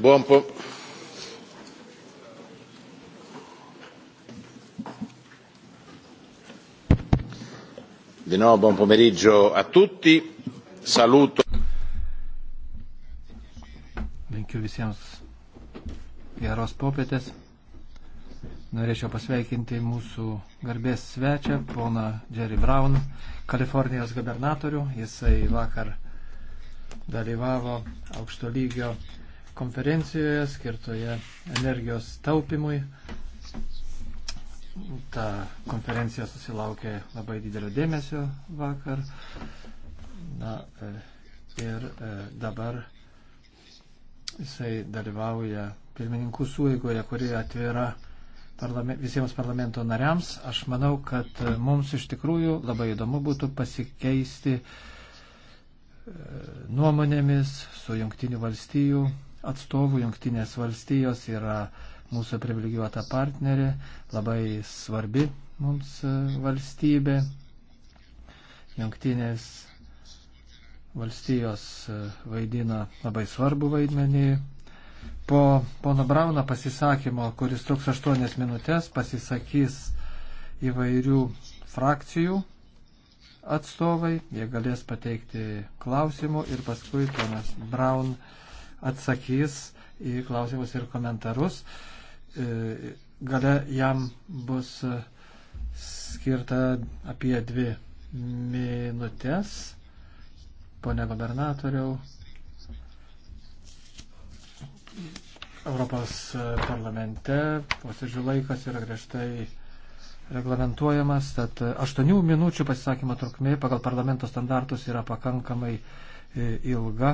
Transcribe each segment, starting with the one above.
Buon po- Di nuovo buon pomeriggio a tutti. Saluto. Linkiu visiems geros popietės. Norėčiau pasveikinti mūsų garbės svečią, poną Jerry Brown, Kalifornijos gubernatorių. Jisai vakar dalyvavo aukšto lygio konferencijoje skirtoje energijos taupimui. Ta konferencija susilaukė labai didelio dėmesio vakar. Na, e, ir e, dabar jisai dalyvauja pirmininkų suėgoje, kuri atvira parlame, visiems parlamento nariams. Aš manau, kad e, mums iš tikrųjų labai įdomu būtų pasikeisti e, nuomonėmis su jungtinių valstijų atstovų. Jungtinės valstijos yra mūsų privilegijuota partnerė, labai svarbi mums e, valstybė. Jungtinės valstijos vaidina labai svarbu vaidmenį Po pono Brauno pasisakymo, kuris truks 8 minutės, pasisakys įvairių frakcijų atstovai, jie galės pateikti klausimų ir paskui ponas Braun atsakys į klausimus ir komentarus. E, gale jam bus skirta apie dvi minutės. Pone gubernatoriau, Europos parlamente posėdžių laikas yra griežtai reglamentuojamas, tad 8 minučių pasisakymo trukmė pagal parlamento standartus yra pakankamai e, ilga.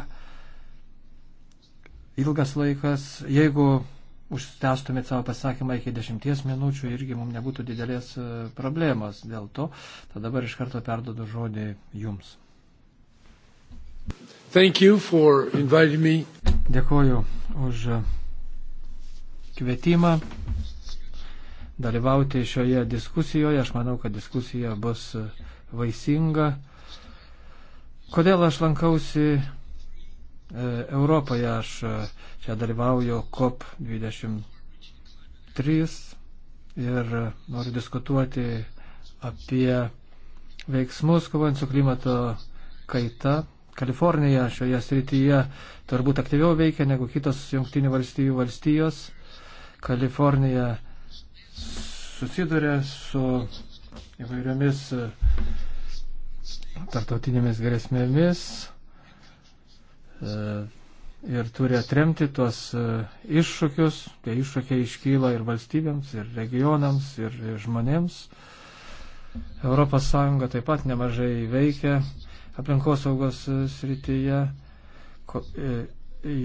Ilgas laikas, jeigu užtestumėt savo pasakymą iki 10 minučių, irgi mums nebūtų didelės e, problemos dėl to, tad dabar iš karto perdodu žodį jums. Dėkuoju už kvietimą dalyvauti šioje diskusijoje. Aš manau, kad diskusija bus vaisinga. Kodėl aš lankausi e, Europoje? Aš e, čia dalyvauju COP23 ir e, noriu diskutuoti apie veiksmus kovant su klimato kaita Kalifornija šioje srityje turbūt aktyviau veikia negu kitos jungtinių valstybių valstijos. Kalifornija susiduria su įvairiomis e, tartautinėmis grėsmėmis e, ir turi atremti tuos e, iššūkius. Tie iššūkiai iškyla ir valstybėms, ir regionams, ir žmonėms. Europos Sąjunga taip pat nemažai veikia aplinkosaugos e, srityje. E,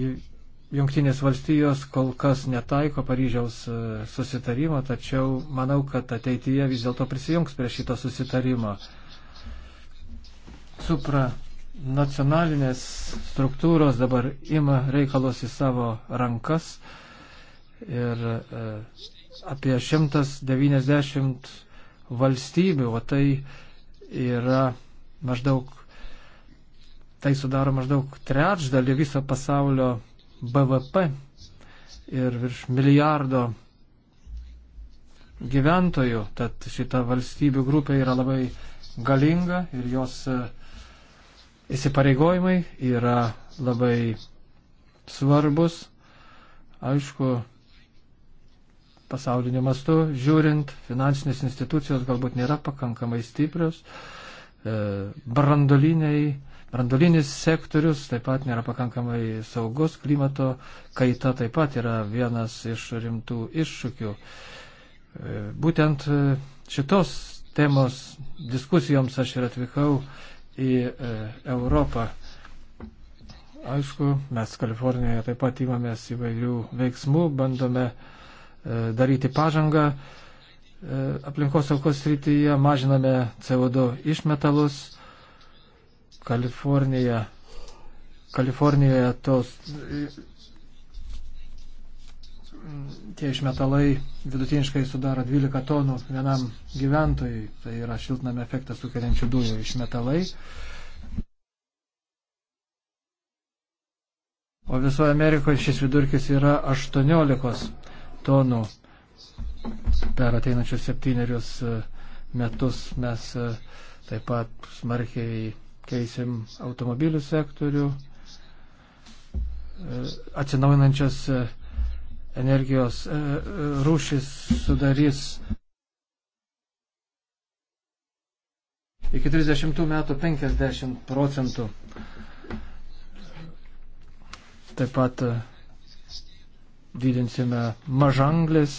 Junktinės valstijos kol kas netaiko Paryžiaus e, susitarimo, tačiau manau, kad ateityje vis dėlto prisijungs prie šito susitarimo. Supra nacionalinės struktūros dabar ima reikalus į savo rankas ir apie 190 valstybių, o tai yra maždaug Tai sudaro maždaug trečdalį viso pasaulio BVP ir virš milijardo gyventojų. Tad šita valstybių grupė yra labai galinga ir jos e, įsipareigojimai yra labai svarbus. Aišku, pasauliniu mastu žiūrint, finansinės institucijos galbūt nėra pakankamai stiprios, e, brandoliniai Brandolinis sektorius taip pat nėra pakankamai saugus, klimato kaita taip pat yra vienas iš rimtų iššūkių. E, būtent e, šitos temos diskusijoms aš ir atvykau į e, Europą. Aišku, mes Kalifornijoje taip pat įmamės įvairių veiksmų, bandome daryti pažangą aplinkos saugos srityje, mažiname CO2 išmetalus, Kalifornija, Kalifornijoje tos tie išmetalai vidutiniškai sudaro 12 tonų vienam gyventojui. Tai yra šiltnamio efektą sukeliančių dujų išmetalai. O visoje Amerikoje šis vidurkis yra 18 tonų per ateinančius septynerius e, metus. Mes e, taip pat smarkiai keisim automobilių sektorių, e, atsinaujinančios e, energijos e, rūšis sudarys iki 30 metų 50 procentų. Taip pat didinsime mažanglės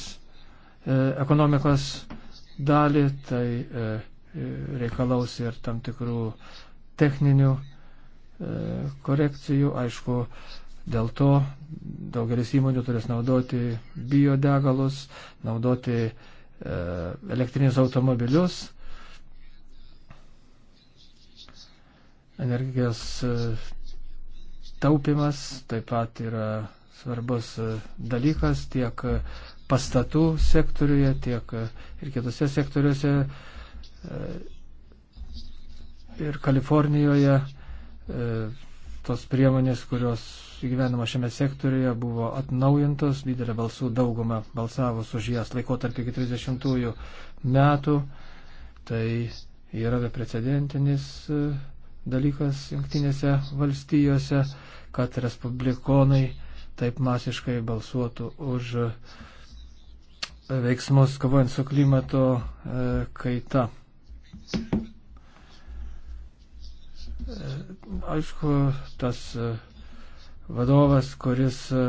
ekonomikos dalį, tai reikalaus ir tam tikrų uh, techninių e, korekcijų. Aišku, dėl to daugelis įmonių turės naudoti biodegalus, naudoti e, elektrinius automobilius. Energijos e, taupimas taip pat yra svarbus e, dalykas tiek pastatų sektoriuje, tiek ir kitose sektoriuose e, ir Kalifornijoje e, tos priemonės, kurios gyvenama šiame sektoriuje, buvo atnaujintos, didelė balsų dauguma balsavus už jas laikotarpį iki 30 metų. Tai yra beprecedentinis e, dalykas jungtinėse valstijose, kad respublikonai taip masiškai balsuotų už e, veiksmus kovojant su klimato kaita. Aišku, tas e, vadovas, kuris e,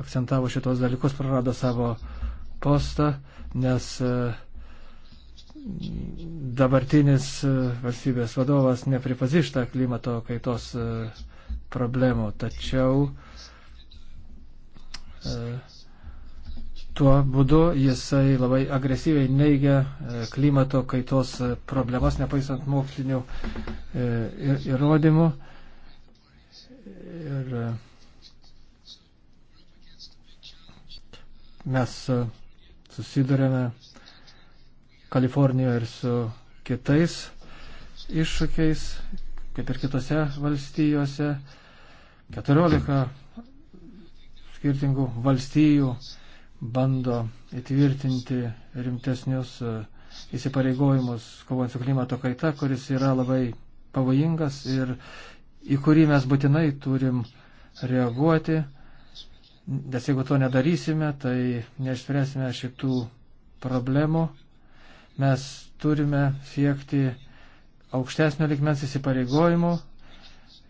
akcentavo šitos dalykus, prarado savo postą, nes e, dabartinis valstybės vadovas nepripazišta klimato kaitos problemų. Tačiau Tuo būdu jisai labai agresyviai neigia e, klimato kaitos e, problemas, nepaisant mokslinių e, įrodymų. Ir mes susidurėme Kalifornijoje ir su kitais iššūkiais, kaip ir kitose valstijose. 14 skirtingų valstijų bando įtvirtinti rimtesnius e, įsipareigojimus kovant su klimato kaita, kuris yra labai pavojingas ir į kurį mes būtinai turim reaguoti, nes jeigu to nedarysime, tai neišspręsime šitų problemų. Mes turime siekti aukštesnio likmens įsipareigojimų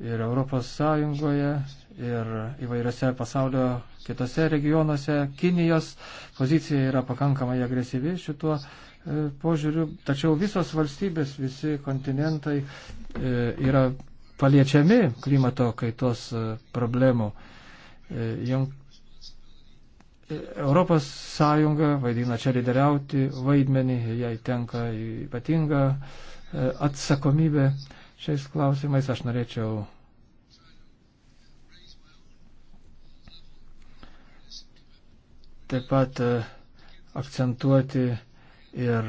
ir Europos Sąjungoje, ir įvairiose pasaulio kitose regionuose. Kinijos pozicija yra pakankamai agresyvi šituo e, požiūriu, tačiau visos valstybės, visi kontinentai e, yra paliečiami klimato kaitos e, problemų. Europos Sąjunga vaidina čia lyderiauti vaidmenį, jai tenka ypatinga atsakomybė šiais klausimais. Aš norėčiau taip pat e, akcentuoti ir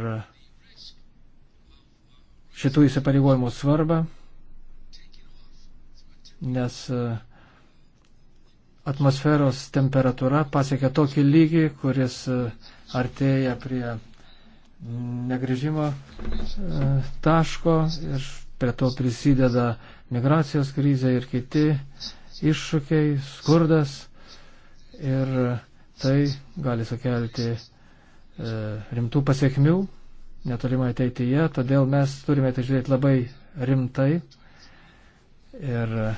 šitų įsipareigojimų svarbą, nes e, atmosferos temperatūra pasiekia tokį lygį, kuris e, artėja prie negrįžimo taško ir prie to prisideda migracijos krizė ir kiti iššūkiai, skurdas ir tai gali sukelti e, rimtų pasiekmių netolimai ateityje, todėl mes turime tai žiūrėti labai rimtai ir e,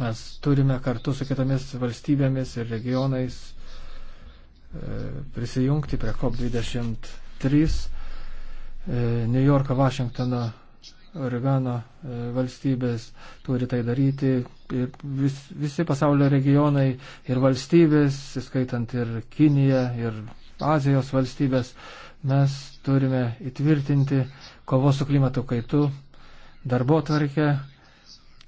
mes turime kartu su kitomis valstybėmis ir regionais e, prisijungti prie COP23 e, New Yorko, Vašingtono Oregano e, valstybės turi tai daryti ir vis, visi pasaulio regionai ir valstybės, įskaitant ir Kiniją, ir Azijos valstybės, mes turime įtvirtinti kovos su klimato kaitu darbo tvarkę,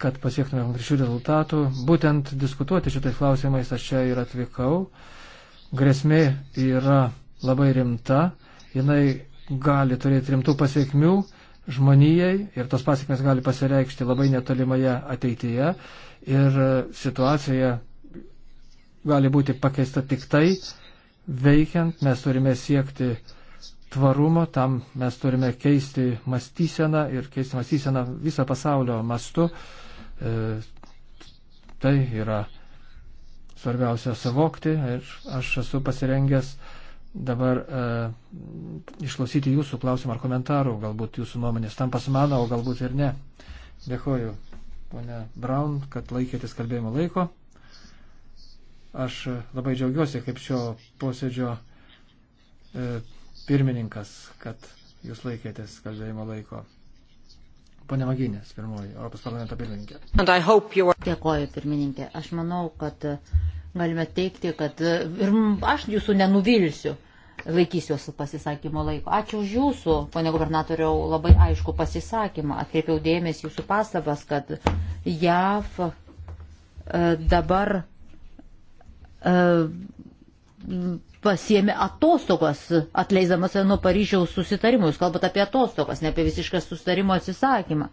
kad pasiektume konkrečių rezultatų. Būtent diskutuoti šitais klausimais aš čia ir atvykau. Grėsmė yra labai rimta, jinai gali turėti rimtų pasiekmių žmonijai ir tos pasiekmes gali pasireikšti labai netolimoje ateityje ir situacija gali būti pakeista tik tai veikiant, mes turime siekti tvarumo, tam mes turime keisti mąstyseną ir keisti mąstyseną viso pasaulio mastu. E, tai yra svarbiausia savokti ir aš esu pasirengęs dabar e, išklausyti jūsų klausimą ar komentarų, galbūt jūsų nuomonės tam pasimano, o galbūt ir ne. Dėkoju, ponė Braun, kad laikėtės kalbėjimo laiko. Aš e, labai džiaugiuosi kaip šio posėdžio e, pirmininkas, kad jūs laikėtės kalbėjimo laiko. Pone Maginės, pirmoji, Europos parlamento pirmininkė. Dėkoju, pirmininkė. Aš manau, kad uh, galime teikti, kad e, ir aš jūsų nenuvilsiu, laikysiuosi pasisakymo laiko. Ačiū už jūsų, ponė gubernatoriau, labai aišku pasisakymą. Atkreipiau dėmesį jūsų pastabas, kad JAV e, dabar e, pasiemė atostogas, atleisdamas nuo Paryžiaus susitarimų. Jūs kalbate apie atostogas, ne apie visišką susitarimo atsisakymą.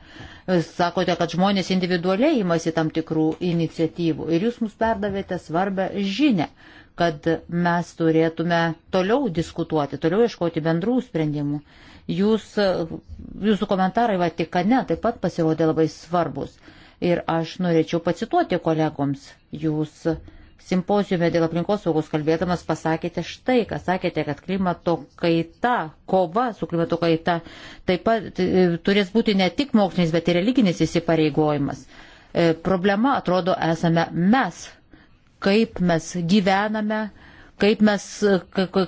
Sakote, kad žmonės individualiai imasi tam tikrų iniciatyvų. Ir jūs mus perdavėte svarbę žinę, kad mes turėtume toliau diskutuoti, toliau ieškoti bendrų sprendimų. Jūs, jūsų komentarai Vatikane taip pat pasirodė labai svarbus. Ir aš norėčiau pacituoti kolegoms. Jūs uh, simpozijume dėl aplinkosaugos kalbėdamas pasakėte štai, ką sakėte, kad klimato kaita, kova su klimato kaita taip pat e, turės būti ne tik mokslinis, bet ir religinis įsipareigojimas. E, problema atrodo esame mes, kaip mes gyvename, kaip mes,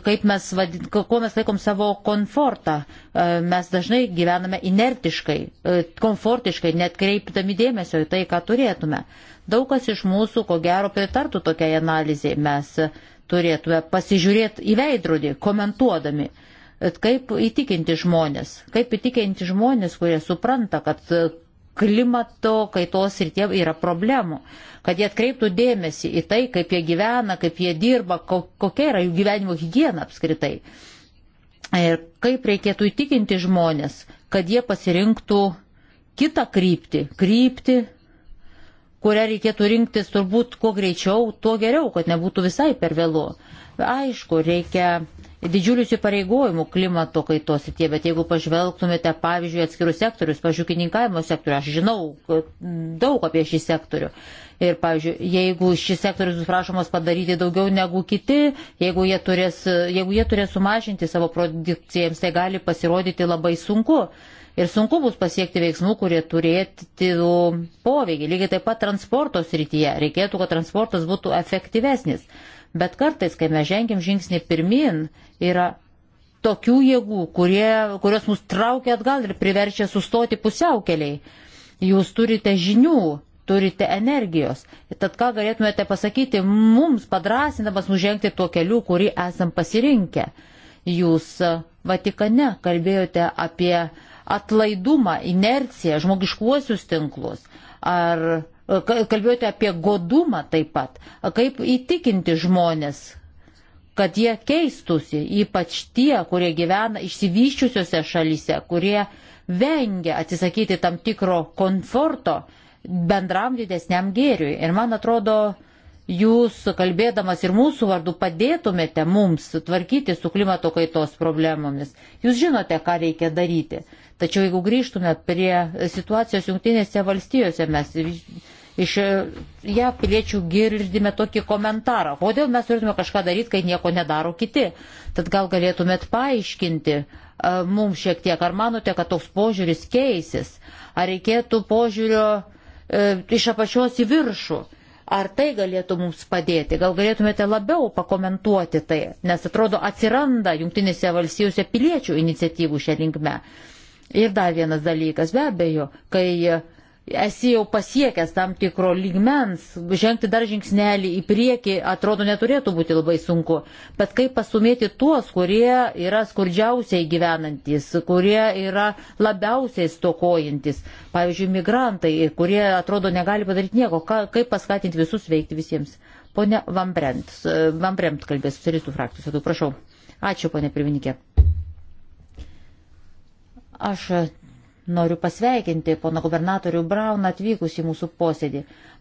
kaip mes, vadin, kuo mes laikom savo komfortą. E, mes dažnai gyvename inertiškai, e, komfortiškai, net kreipdami dėmesio į tai, ką turėtume. Daug kas iš mūsų, ko gero, pritartų tokiai analizai. Mes turėtume pasižiūrėti į veidrodį, komentuodami e, kaip įtikinti žmonės, kaip įtikinti žmonės, kurie supranta, kad klimato kaitos ir tie yra problemų, kad jie atkreiptų dėmesį į tai, kaip jie gyvena, kaip jie dirba, kokia yra jų gyvenimo hygiena apskritai. Ir kaip reikėtų įtikinti žmonės, kad jie pasirinktų kitą kryptį, kryptį, kurią reikėtų rinktis turbūt kuo greičiau, tuo geriau, kad nebūtų visai per vėlu. Aišku, reikia didžiulius įpareigojimų klimato kaitos įtie, bet jeigu pažvelgtumėte, pavyzdžiui, atskirus sektorius, pavyzdžiui, kininkavimo sektorių, aš žinau daug apie šį sektorių. Ir, pavyzdžiui, jeigu šis sektorius bus prašomas padaryti daugiau negu kiti, jeigu jie turės, jeigu jie turės sumažinti savo produkciją, jiems tai gali pasirodyti labai sunku. Ir sunku bus pasiekti veiksmų, kurie turėtų poveikį. Lygiai taip pat transporto srityje. Reikėtų, kad transportas būtų efektyvesnis. Bet kartais, kai mes žengiam žingsnį pirmin, yra tokių jėgų, kurie, kurios mus traukia atgal ir priverčia sustoti pusiaukeliai. Jūs turite žinių, turite energijos. Tad ką galėtumėte pasakyti mums, padrasinamas nužengti tuo keliu, kurį esam pasirinkę? Jūs e, Vatikane kalbėjote apie atlaidumą, inerciją, žmogiškuosius tinklus. Ar kalbėjote apie godumą taip pat, kaip įtikinti žmonės, kad jie keistusi, ypač tie, kurie gyvena išsivyščiusiose šalyse, kurie vengia atsisakyti tam tikro komforto bendram didesniam gėriui. Ir man atrodo, jūs kalbėdamas ir mūsų vardu padėtumėte mums tvarkyti su klimato kaitos problemomis. Jūs žinote, ką reikia daryti. Tačiau jeigu grįžtume prie situacijos jungtinėse valstijose, mes Iš e, ją piliečių girdime tokį komentarą, kodėl mes turėtume kažką daryti, kai nieko nedaro kiti. Tad gal galėtumėt paaiškinti e, mums šiek tiek, ar manote, kad toks požiūris keisis, ar reikėtų požiūrio e, iš apačios į viršų. Ar tai galėtų mums padėti? Gal galėtumėte labiau pakomentuoti tai? Nes atrodo, atsiranda jungtinėse valstijose piliečių iniciatyvų šią linkmę. Ir dar vienas dalykas, be abejo, kai esi jau pasiekęs tam tikro lygmens, žengti dar žingsnelį į priekį atrodo neturėtų būti labai sunku. Bet kaip pasumėti tuos, kurie yra skurdžiausiai gyvenantis, kurie yra labiausiai stokojantis, pavyzdžiui, migrantai, kurie atrodo negali padaryti nieko, Ka, kaip paskatinti visus veikti visiems. Pone Vambremt, Vambremt kalbės socialistų frakcijos, tu prašau. Ačiū, pone pirmininkė. Aš Noriu pasveikinti pono gubernatorių Brauną atvykus į mūsų posėdį.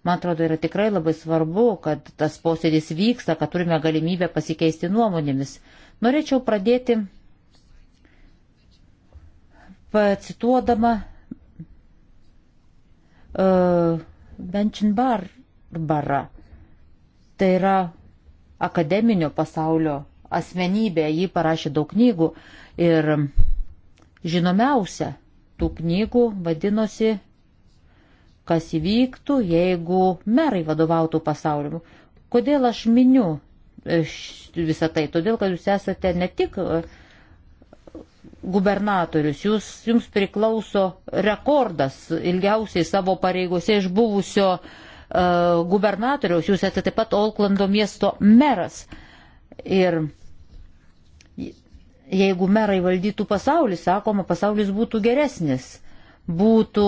Man atrodo, yra tikrai labai svarbu, kad tas posėdis vyksta, kad turime galimybę pasikeisti nuomonėmis. Norėčiau pradėti pacituodama uh, e, Benchinbarbarą. Tai yra akademinio pasaulio asmenybė, ji parašė daug knygų ir žinomiausia tų knygų vadinosi Kas įvyktų, jeigu merai vadovautų pasauliu. Kodėl aš miniu e, visą tai? Todėl, kad jūs esate ne tik e, gubernatorius, jūs, jums priklauso rekordas ilgiausiai savo pareigose iš buvusio uh, gubernatoriaus, jūs esate taip pat Olklando miesto meras. Ir jeigu merai valdytų pasaulį, sakoma, pasaulis būtų geresnis, būtų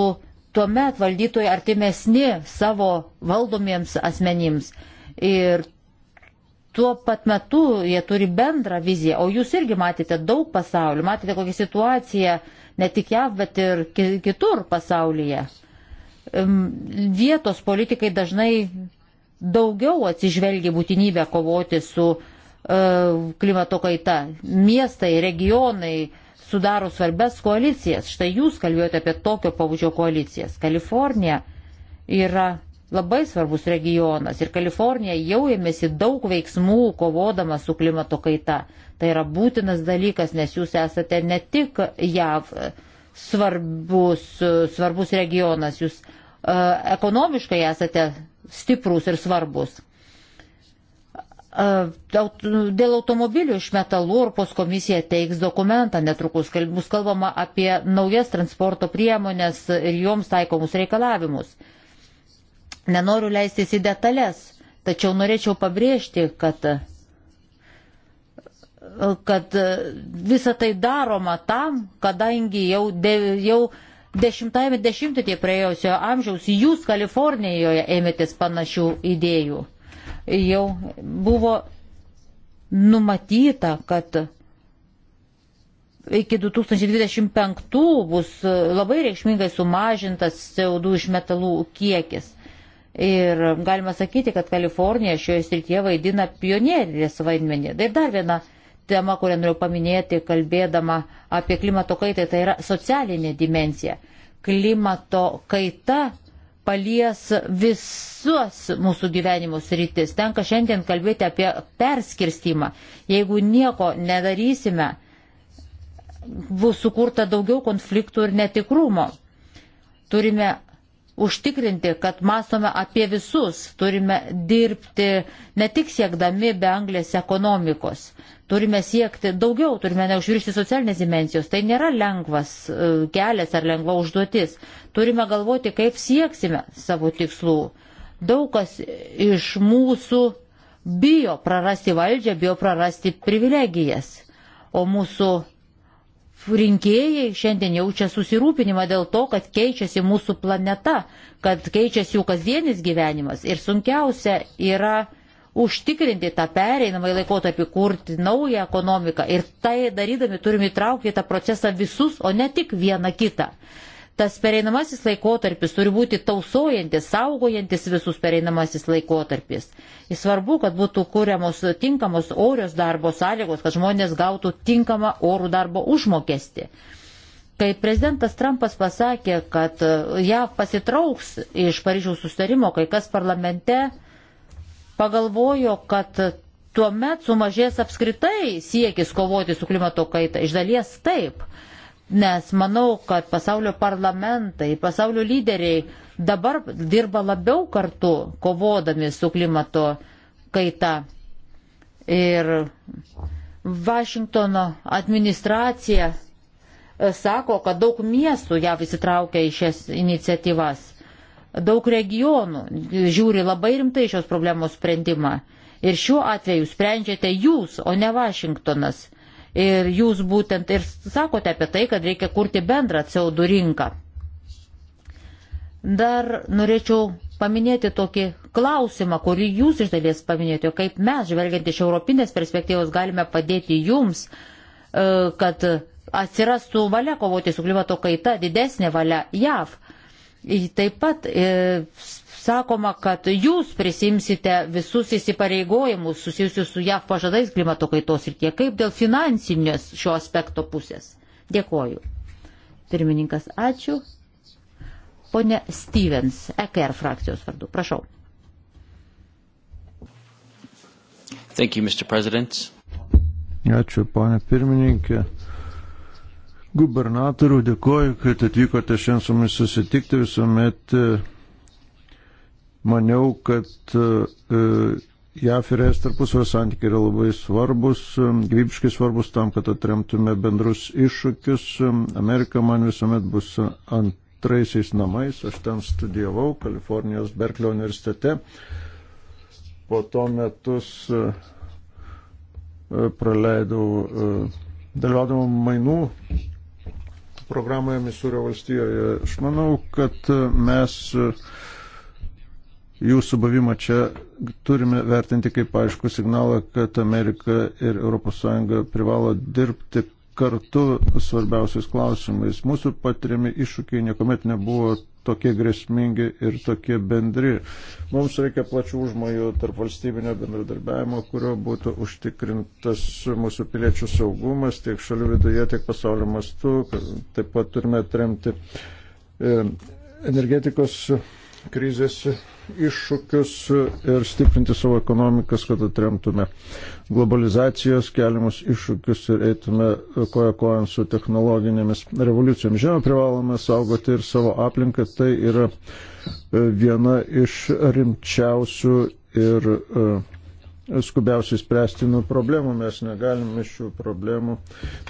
tuomet valdytojai artimesni savo valdomiems asmenims. Ir tuo pat metu jie turi bendrą viziją, o jūs irgi matėte daug pasaulių, matėte kokią situaciją ne tik JAV, bet ir kitur pasaulyje. Vietos politikai dažnai daugiau atsižvelgia būtinybę kovoti su uh, E, klimato kaita. Miestai, regionai sudaro svarbes koalicijas. Štai jūs kalbėjote apie tokio pabudžio koalicijas. Kalifornija yra labai svarbus regionas ir Kalifornija jau ėmėsi daug veiksmų kovodama su klimato kaita. Tai yra būtinas dalykas, nes jūs esate ne tik JAV svarbus, svarbus regionas, jūs uh, ekonomiškai esate stiprus ir svarbus. Dėl automobilių iš metalų Europos komisija teiks dokumentą netrukus, bus kalbama apie naujas transporto priemonės ir joms taikomus reikalavimus. Nenoriu leistis į detalės, tačiau norėčiau pabrėžti, kad kad visa tai daroma tam, kadangi jau, de, jau dešimtajame dešimtmetyje praėjusio amžiaus jūs Kalifornijoje ėmėtės panašių idėjų jau buvo numatyta, kad iki 2025 bus labai reikšmingai sumažintas CO2 iš metalų kiekis. Ir galima sakyti, kad Kalifornija šioje srityje vaidina pionierės vaidmenį. Tai dar viena tema, kurią noriu paminėti, kalbėdama apie klimato kaitą, tai yra socialinė dimencija. Klimato kaita palies visus mūsų gyvenimus rytis. Tenka šiandien kalbėti apie perskirstimą. Jeigu nieko nedarysime, bus sukurta daugiau konfliktų ir netikrumo. Turime užtikrinti, kad mąstome apie visus, turime dirbti ne tik siekdami be anglės ekonomikos, turime siekti daugiau, turime neužviršti socialinės dimensijos. Tai nėra lengvas e, kelias ar lengva užduotis. Turime galvoti, kaip sieksime savo tikslų. Daug kas iš mūsų bijo prarasti valdžią, bijo prarasti privilegijas. O mūsų rinkėjai šiandien jaučia susirūpinimą dėl to, kad keičiasi mūsų planeta, kad keičiasi jų kasdienis gyvenimas ir sunkiausia yra užtikrinti tą pereinamą į laikotarpį, kurti naują ekonomiką ir tai darydami turime įtraukti į tą procesą visus, o ne tik vieną kitą tas pereinamasis laikotarpis turi būti tausojantis, saugojantis visus pereinamasis laikotarpis. Ir svarbu, kad būtų kūriamos tinkamos orios darbo sąlygos, kad žmonės gautų tinkamą orų darbo užmokestį. Kai prezidentas Trumpas pasakė, kad e, JAV pasitrauks iš Paryžiaus sustarimo, kai kas parlamente pagalvojo, kad tuo metu sumažės apskritai siekis kovoti su klimato kaita. Iš dalies taip nes manau, kad pasaulio parlamentai, pasaulio lyderiai dabar dirba labiau kartu, kovodami su klimato kaita. Ir Vašingtono administracija e, sako, kad daug miestų jav įsitraukia į šias iniciatyvas, daug regionų žiūri labai rimtai šios problemos sprendimą. Ir šiuo atveju sprendžiate jūs, o ne Vašingtonas. Ir jūs būtent ir sakote apie tai, kad reikia kurti bendrą CO2 rinką. Dar norėčiau paminėti tokį klausimą, kurį jūs iš dalies paminėjote, kaip mes, žvelgiant iš europinės perspektyvos, galime padėti jums, e, kad atsirastų valia kovoti su klimato kaita, didesnė valia JAV. Taip pat e, sakoma, kad jūs prisimsite visus įsipareigojimus susijusius su JAV pažadais klimato kaitos ir tiek kaip dėl finansinės šio aspekto pusės. Dėkoju. Pirmininkas, ačiū. Pone Stevens, EKR frakcijos vardu. Prašau. Thank you, Mr. President. Ačiū, ponė pirmininkė. Gubernatorių dėkoju, kad atvykote šiandien su mumis susitikti visuomet. Uh, maniau, kad e, e, JAF ir ES tarpusavio santykiai yra labai svarbus, e, gyvybiškai svarbus tam, kad atremtume bendrus iššūkius. Amerika man visuomet bus antraisiais namais. Aš ten studijavau Kalifornijos Berklio universitete. Po to metus praleidau, dalyvaudavau mainų programoje Misūrio valstijoje. Aš manau, kad mes jūsų buvimą čia turime vertinti kaip aišku signalą, kad Amerika ir ES privalo dirbti kartu svarbiausiais klausimais. Mūsų patiriami iššūkiai niekuomet nebuvo tokie grėsmingi ir tokie bendri. Mums reikia plačių užmojų tarp valstybinio bendradarbiavimo, kurio būtų užtikrintas mūsų piliečių saugumas tiek šalių viduje, tiek pasaulio mastu. Taip pat turime atremti e, energetikos krizės iššūkius ir stiprinti savo ekonomikas, kad atremtume globalizacijos keliamus iššūkius ir eitume koja kojant su technologinėmis revoliucijomis. Žinoma, privalome saugoti ir savo aplinką. Tai yra e, viena iš rimčiausių ir e, skubiausiai spręstinų problemų. Mes negalime šių problemų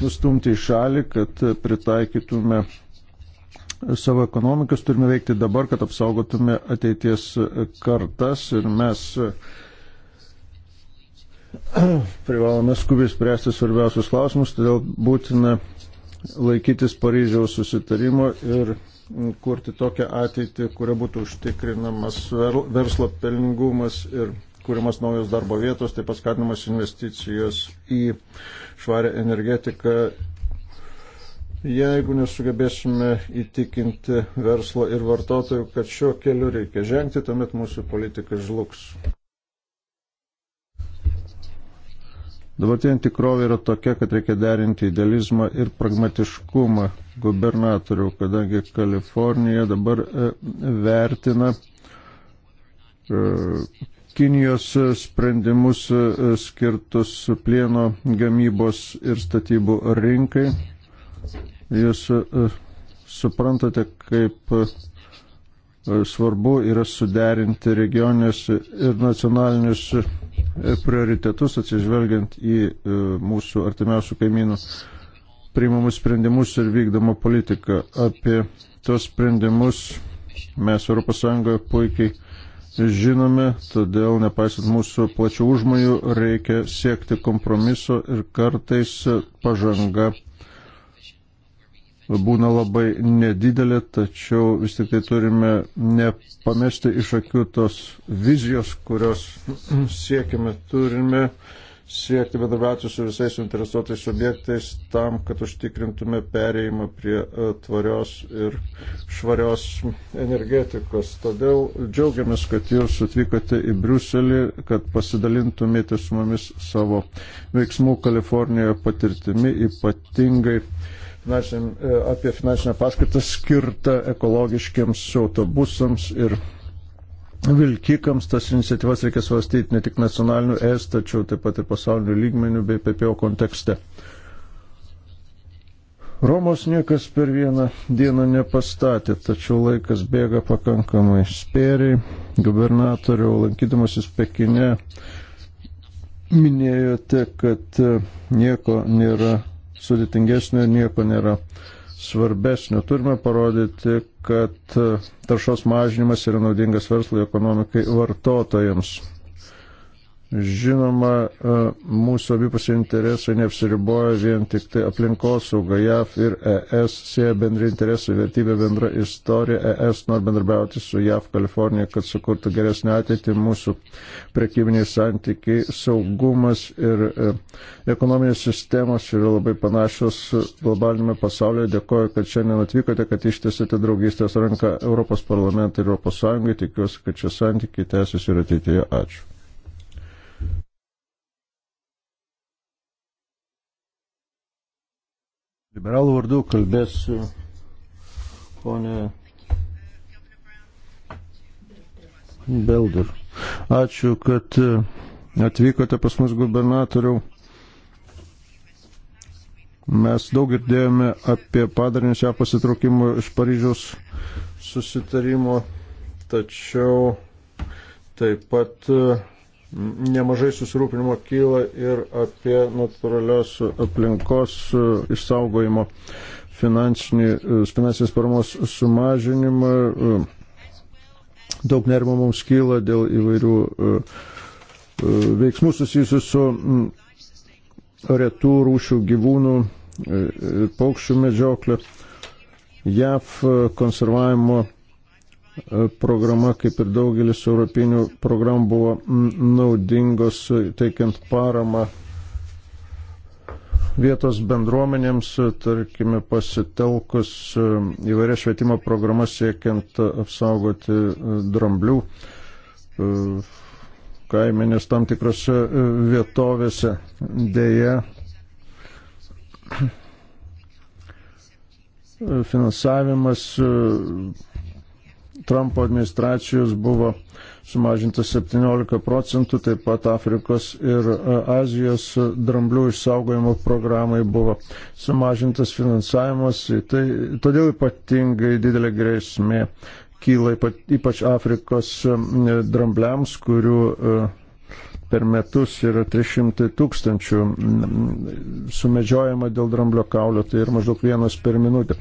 nustumti į šalį, kad pritaikytume savo ekonomikas, turime veikti dabar, kad apsaugotume ateities kartas ir mes privalome skubiai spręsti svarbiausius klausimus, todėl būtina laikytis Paryžiaus susitarimo ir kurti tokią ateitį, kuria būtų užtikrinamas verslo pelningumas ir kūrimas naujos darbo vietos, taip pat skatinamas investicijos į švarę energetiką Jeigu nesugebėsime įtikinti verslo ir vartotojų, kad šiuo keliu reikia žengti, tuomet mūsų politika žlugs. Dabartinė tikrovė yra tokia, kad reikia derinti idealizmą ir pragmatiškumą gubernatorių, kadangi Kalifornija dabar e, vertina e, Kinijos sprendimus e, skirtus plieno gamybos ir statybų rinkai Jūs e, suprantate, kaip e, svarbu yra suderinti regioninius ir nacionalinius e, prioritetus atsižvelgiant į mūsų artimiausių kaimynų priimamus sprendimus ir vykdomą politiką. Apie tos sprendimus mes ES puikiai žinome, todėl nepaisant mūsų plačių užmojų reikia siekti kompromiso ir kartais pažanga būna labai nedidelė, tačiau vis tik tai turime nepamesti iš akių tos vizijos, kurios siekime, turime siekti bedarbiauti su visais interesuotais subjektais tam, kad užtikrintume pereimą prie e, tvarios ir švarios energetikos. Todėl džiaugiamės, kad jūs atvykote į Briuselį, kad pasidalintumėte su mumis savo veiksmų Kalifornijoje patirtimi, ypatingai E, apie finansinę paskatą skirtą ekologiškiams autobusams ir vilkikams. Tas iniciatyvas reikia svastyti ne tik nacionaliniu es, tačiau taip pat ir pasauliniu lygmeniu bei PPO kontekste. Romos niekas per vieną dieną nepastatė, tačiau laikas bėga pakankamai spėriai. Gubernatoriau, lankydamasis Pekine, minėjote, kad e, nieko nėra sudėtingesnio ir nieko nėra svarbesnio. Turime parodyti, kad taršos mažinimas yra naudingas verslui, ekonomikai, vartotojams. Žinoma, e, mūsų abipusiai interesai neapsiriboja vien tik tai aplinkosauga. JAF ir ES sieja bendri interesai, vertybė bendra istorija. ES nori bendrabiauti su JAF Kalifornija, kad sukurtų geresnį ateitį. Mūsų prekybiniai santykiai, saugumas ir e, ekonominės sistemos yra labai panašios globalinėme pasaulyje. Dėkoju, kad šiandien atvykote, kad ištėsite draugystės ranką Europos parlamentą ir Europos Sąjungai. Tikiuosi, kad šie santykiai tęsis ir ateityje. Ačiū. Liberalų vardu kalbės ponė Belder. Ačiū, kad e, atvykote pas mus gubernatoriau. Mes daug girdėjome apie padarinius ją pasitraukimo iš Paryžiaus susitarimo, tačiau taip pat uh, nemažai susirūpinimo kyla ir apie natūralios aplinkos e, išsaugojimo e, finansinės paramos sumažinimą. E, daug nerimo mums kyla dėl įvairių veiksmų susijusių su retų rūšių gyvūnų paukščių medžioklė. JAF konservavimo E, programa, kaip ir daugelis europinių programų, buvo naudingos e, teikiant paramą vietos bendruomenėms, e, tarkime, pasitelkus įvairias švietimo programas siekiant apsaugoti dramblių kaiminės tam tikrose vietovėse. Deja, finansavimas Trumpo administracijos buvo sumažintas 17 procentų, taip pat Afrikos ir e, Azijos dramblių išsaugojimo programai buvo sumažintas finansavimas. Tai todėl ypatingai didelė grėsmė kyla ypač Afrikos e, drambliams, kurių e, per metus yra 300 tūkstančių mm, sumedžiojama dėl dramblio kaulio, tai yra maždaug vienas per minutę,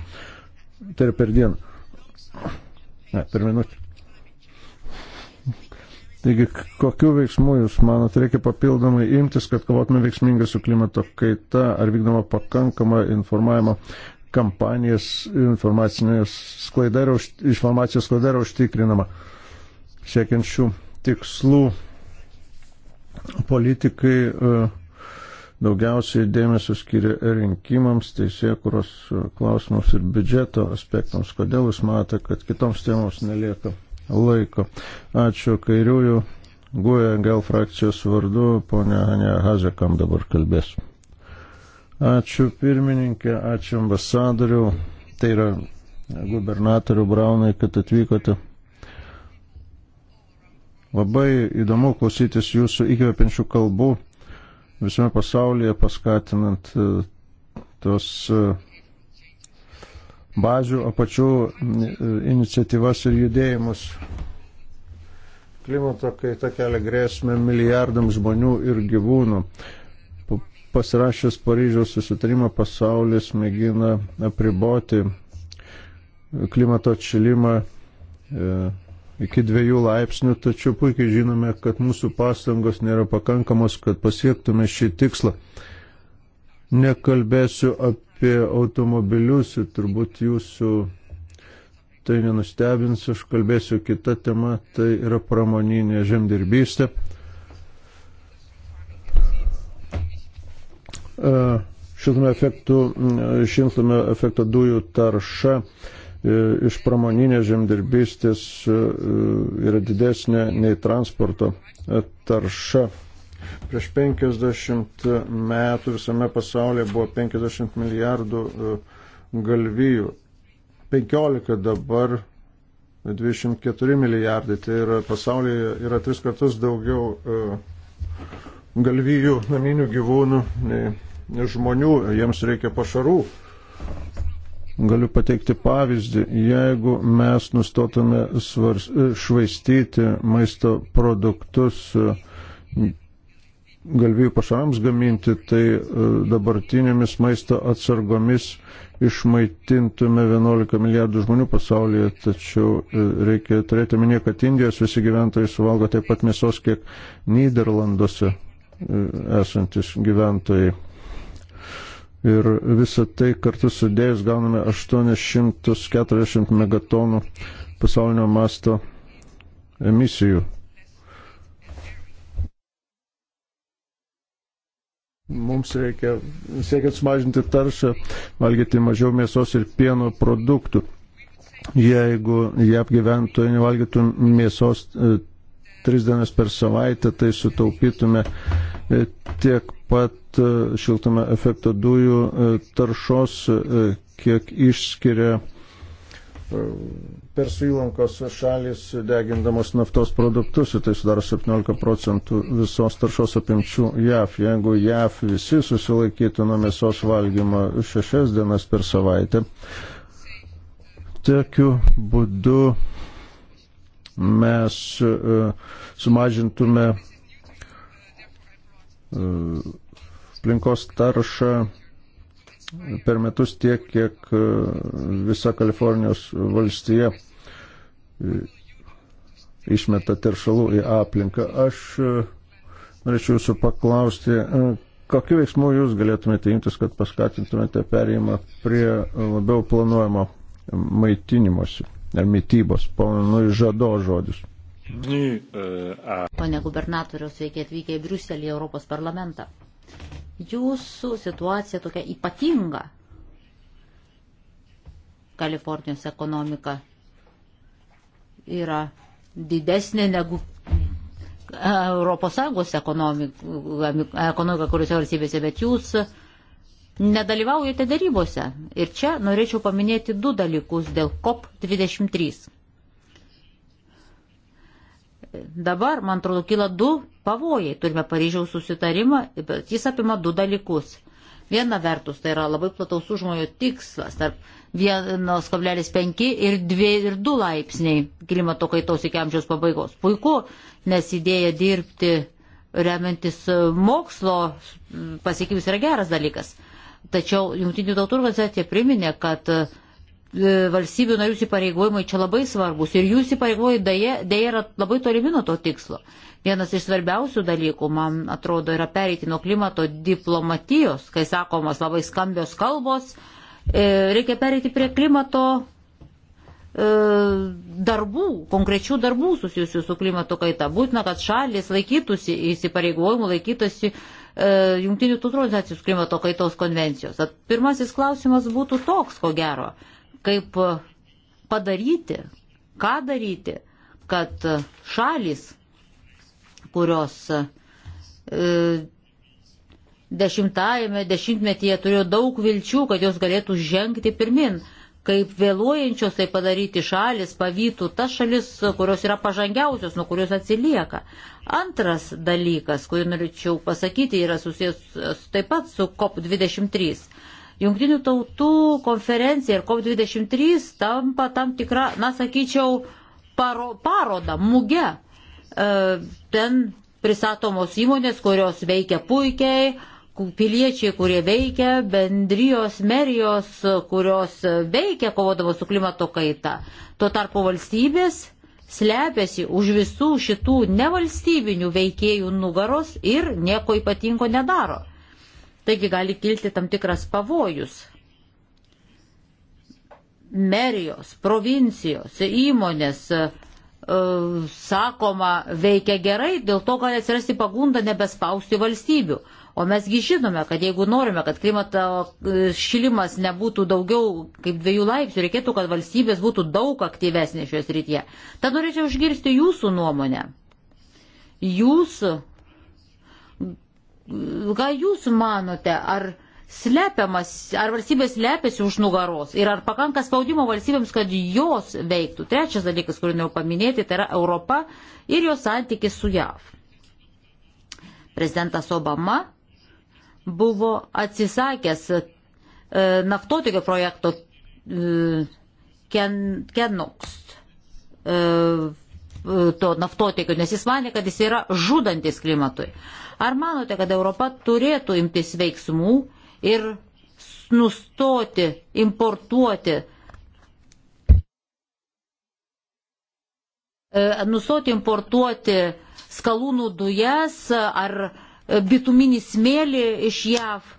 tai yra per dieną. Ne, per minutę. Taigi, kokiu veiksmu jūs manot reikia papildomai imtis, kad kovotume veiksmingai su klimato kaita, ar vykdoma pakankama informavimo kampanijas, informacinės sklaida yra, informacijos sklaida yra užtikrinama. Siekiant šių tikslų politikai uh, daugiausiai dėmesio skiria rinkimams, teisėkuros klausimams ir biudžeto aspektams. Kodėl jūs matote, kad kitoms temoms nelieka laiko? Ačiū kairiųjų. Guoja gal frakcijos vardu, ponia Hanė Hazekam dabar kalbės. Ačiū pirmininkė, ačiū ambasadoriu, tai yra gubernatoriu Braunai, kad atvykote. Labai įdomu klausytis jūsų įkvepiančių kalbų visame pasaulyje paskatinant e, tos e, bazių apačių e, iniciatyvas ir judėjimus. Klimato kaita kelia grėsmę milijardams žmonių ir gyvūnų. Pasirašęs Paryžiaus susitarimą pasaulis mėgina apriboti klimato atšilimą iki dviejų laipsnių, tačiau puikiai žinome, kad mūsų pastangos nėra pakankamos, kad pasiektume šį tikslą. Nekalbėsiu apie automobilius ir turbūt jūsų tai nenustebins, aš kalbėsiu kitą temą, tai yra pramoninė žemdirbystė. E, šiltame efektų, e, šiltame efekto dujų tarša E, iš pramoninės žemdirbystės e, yra didesnė nei transporto tarša. Prieš 50 metų visame pasaulyje buvo 50 milijardų e, galvijų. 15 dabar 24 milijardai. Tai yra pasaulyje yra tris kartus daugiau galvijų, naminių gyvūnų nei žmonių. Jiems reikia pašarų. Galiu pateikti pavyzdį, jeigu mes nustotume svars, e, švaistyti maisto produktus e, galvijų pašarams gaminti, tai e, dabartinėmis maisto atsargomis išmaitintume 11 milijardų žmonių pasaulyje, tačiau reikia turėti minė, kad Indijos visi gyventojai suvalgo taip pat mėsos, kiek Niderlanduose esantis gyventojai. Ir visą tai kartu sudėjus gauname 840 megatonų pasaulinio masto emisijų. Mums reikia, siekiant sumažinti taršą, valgyti mažiau mėsos ir pieno produktų. Jeigu JAP gyventojai nevalgytų mėsos e, tris dienas per savaitę, tai sutaupytume e, tiek pat e, šiltame efekto dujų e, taršos, e, kiek išskiria Persų įlankos šalis degindamos naftos produktus ir tai sudaro 17 procentų visos taršos apimčių JAF. Jeigu JAF visi susilaikytų nuo mėsos valgymo šešias dienas per savaitę, tokiu būdu mes sumažintume E, aplinkos taršą per metus tiek, kiek e, visa Kalifornijos valstija e, išmeta teršalų į aplinką. Aš norėčiau jūsų paklausti, kokiu veiksmu jūs galėtumėte imtis, kad paskatintumėte perėjimą prie labiau planuojamo maitinimosi ar mytybos, ponui žado žodis. E, Pane gubernatoriaus, sveiki atvykę į Briuselį, Europos parlamentą. Jūsų situacija tokia ypatinga. Kalifornijos ekonomika yra didesnė negu ES ekonomika, ekonomika kuriuose valstybėse, bet jūs nedalyvaujate darybose. Ir čia norėčiau paminėti du dalykus dėl COP23. Dabar, man atrodo, kyla du pavojai. Turime Paryžiaus susitarimą, bet jis apima du dalykus. Viena vertus, tai yra labai plataus užmojo tikslas tarp 1,5 ir 2 ir 2 laipsniai klimato kaitos iki amžiaus pabaigos. Puiku, nes idėja dirbti remiantis mokslo pasiekimus yra geras dalykas. Tačiau Junktinių tautų organizacija priminė, kad uh, E, valstybių narių įsipareigojimai čia labai svarbus ir jų įsipareigojimai dėja, dėja yra labai tolimi nuo to tikslo. Vienas iš svarbiausių dalykų, man atrodo, yra pereiti nuo klimato diplomatijos, kai sakomas labai skambios kalbos, e, reikia pereiti prie klimato e, darbų, konkrečių darbų susijusių su klimato kaita. Būtina, kad šalis laikytųsi įsipareigojimų, laikytųsi Junktinių tautų organizacijos klimato kaitos konvencijos. At pirmasis klausimas būtų toks, ko gero kaip padaryti, ką daryti, kad šalis, kurios e, dešimtajame dešimtmetyje turėjo daug vilčių, kad jos galėtų žengti pirmin, kaip vėluojančios tai padaryti šalis pavytų tas šalis, kurios yra pažangiausios, nuo kurios atsilieka. Antras dalykas, kurį norėčiau pasakyti, yra susijęs taip pat su COP23. Jungtinių tautų konferencija ir COP23 tampa tam tikra, na, sakyčiau, paro, paroda, muge. E, ten pristatomos įmonės, kurios veikia puikiai, piliečiai, kurie veikia, bendrijos, merijos, kurios veikia kovodamos su klimato kaita. Tuo tarpu valstybės slepiasi už visų šitų nevalstybinių veikėjų nugaros ir nieko ypatingo nedaro. Taigi gali kilti tam tikras pavojus. Merijos, provincijos, įmonės, e, sakoma, veikia gerai, dėl to gali atsirasti pagunda nebespausti valstybių. O mesgi žinome, kad jeigu norime, kad klimato e, šilimas nebūtų daugiau kaip dviejų laipsnių, reikėtų, kad valstybės būtų daug aktyvesnė šioje srityje. Tad norėčiau išgirsti jūsų nuomonę. Jūs ką jūs manote, ar slepiamas, ar valstybės slepiasi už nugaros ir ar pakanka spaudimo valstybėms, kad jos veiktų. Trečias dalykas, kurį norėjau paminėti, tai yra Europa ir jos santykis su JAV. Prezidentas Obama buvo atsisakęs e, naftotikio projekto e, Ken, Kenoks e, e, to naftotikio, nes jis manė, kad jis yra žudantis klimatui. E, Ar manote, kad Europa turėtų imtis veiksmų ir nustoti importuoti e, nustoti importuoti skalūnų dujas ar bituminį smėlį iš JAV,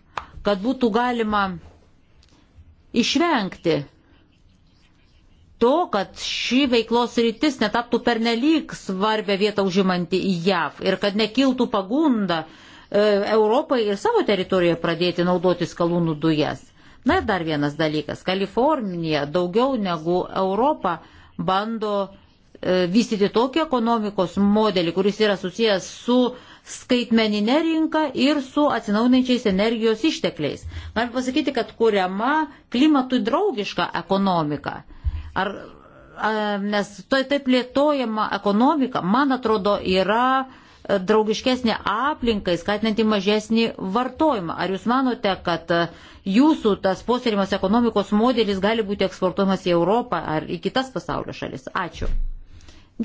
kad būtų galima išvengti to, kad ši veiklos rytis netaptų pernelyg svarbę vietą užimanti į JAV ir kad nekiltų pagunda e, Europai ir savo teritorijoje pradėti naudoti skalūnų dujas. Na ir dar vienas dalykas. Kalifornija daugiau negu Europa bando e, vystyti tokį ekonomikos modelį, kuris yra susijęs su skaitmeninė rinka ir su atsinaujinančiais energijos ištekliais. Noriu pasakyti, kad kuriama klimatui draugiška ekonomika. Ar, nes to, tai taip lietojama ekonomika, man atrodo, yra e, draugiškesnė aplinkai, skatinanti mažesnį vartojimą. Ar jūs manote, kad e, jūsų tas posėrimas ekonomikos modelis gali būti eksportuojamas į Europą ar į kitas pasaulio šalis? Ačiū.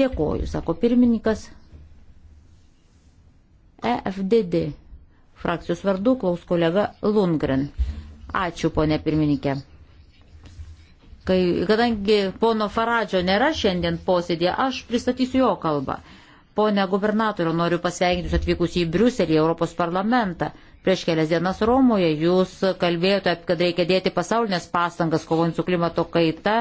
Dėkoju, sako pirmininkas. EFDD. Frakcijos vardu klaus kolega Lundgren. Ačiū, ponė pirmininkė. Kai, kadangi pono Faradžio nėra šiandien posėdėje, aš pristatysiu jo kalbą. Pone gubernatoriu, noriu pasveikinti jūs atvykus į Briuselį, Europos parlamentą. Prieš kelias dienas Romoje jūs kalbėjote, kad reikia dėti pasaulinės pastangas kovojant su klimato kaita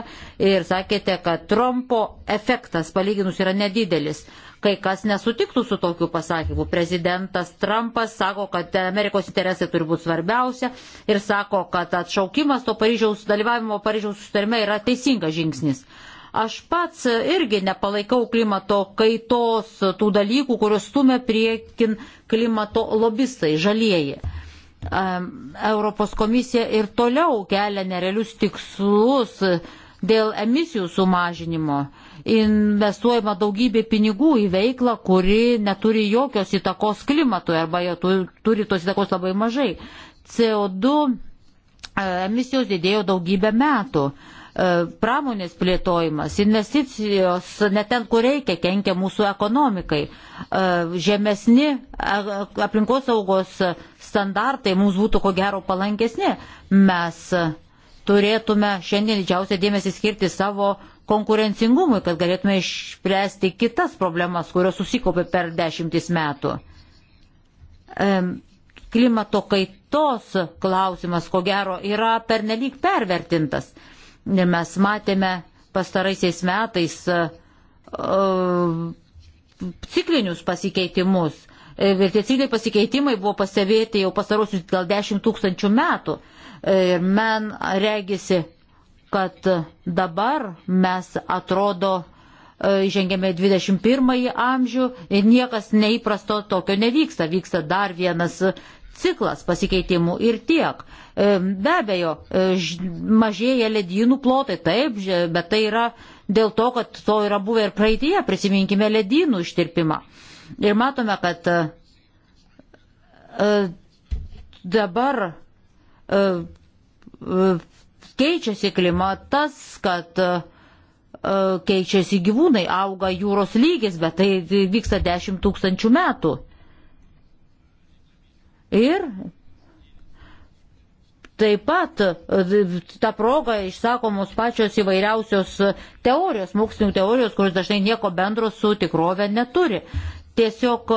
ir sakėte, kad Trumpo efektas palyginus yra nedidelis. Kai kas nesutiktų su tokiu pasakymu. Prezidentas Trumpas sako, kad Amerikos interesai turi būti svarbiausia ir sako, kad atšaukimas to Paryžiaus dalyvavimo Paryžiaus sustarime yra teisingas žingsnis. Aš pats irgi nepalaikau klimato kaitos, tų dalykų, kuriuos stumia priekin klimato lobistai, žalieji. Europos komisija ir toliau kelia nerealius tikslus dėl emisijų sumažinimo investuojama daugybė pinigų į veiklą, kuri neturi jokios įtakos klimatui arba jo turi tos įtakos labai mažai. CO2 e, emisijos didėjo daugybę metų. E, pramonės plėtojimas, investicijos neten, kur reikia, kenkia mūsų ekonomikai. E, žemesni aplinkosaugos standartai mums būtų ko gero palankesni. Mes turėtume šiandien didžiausią dėmesį skirti savo uh, konkurencingumui, kad galėtume išspręsti kitas problemas, kurios susikopė per dešimtis metų. Klimato kaitos klausimas, ko gero, yra pernelyg pervertintas. Ir mes matėme pastaraisiais metais uh, ciklinius pasikeitimus. E, ir tie cikliniai pasikeitimai buvo pastebėti jau pastarosius gal dešimt tūkstančių metų. E, ir man regisi, kad dabar mes atrodo e, žengėme 21 amžių ir niekas neįprasto tokio nevyksta. Vyksta dar vienas ciklas pasikeitimų ir tiek. E, be abejo, e, mažėja ledynų plotai, taip, bet tai yra dėl to, kad to yra buvę ir praeitie, prisiminkime ledynų ištirpimą. Ir matome, kad dabar keičiasi klimatas, kad e, keičiasi gyvūnai, auga jūros lygis, bet tai vyksta 10 tūkstančių metų. Ir taip pat e, tą progą išsakomos pačios įvairiausios teorijos, mokslinių teorijos, kuris dažnai nieko bendro su tikrove neturi. Tiesiog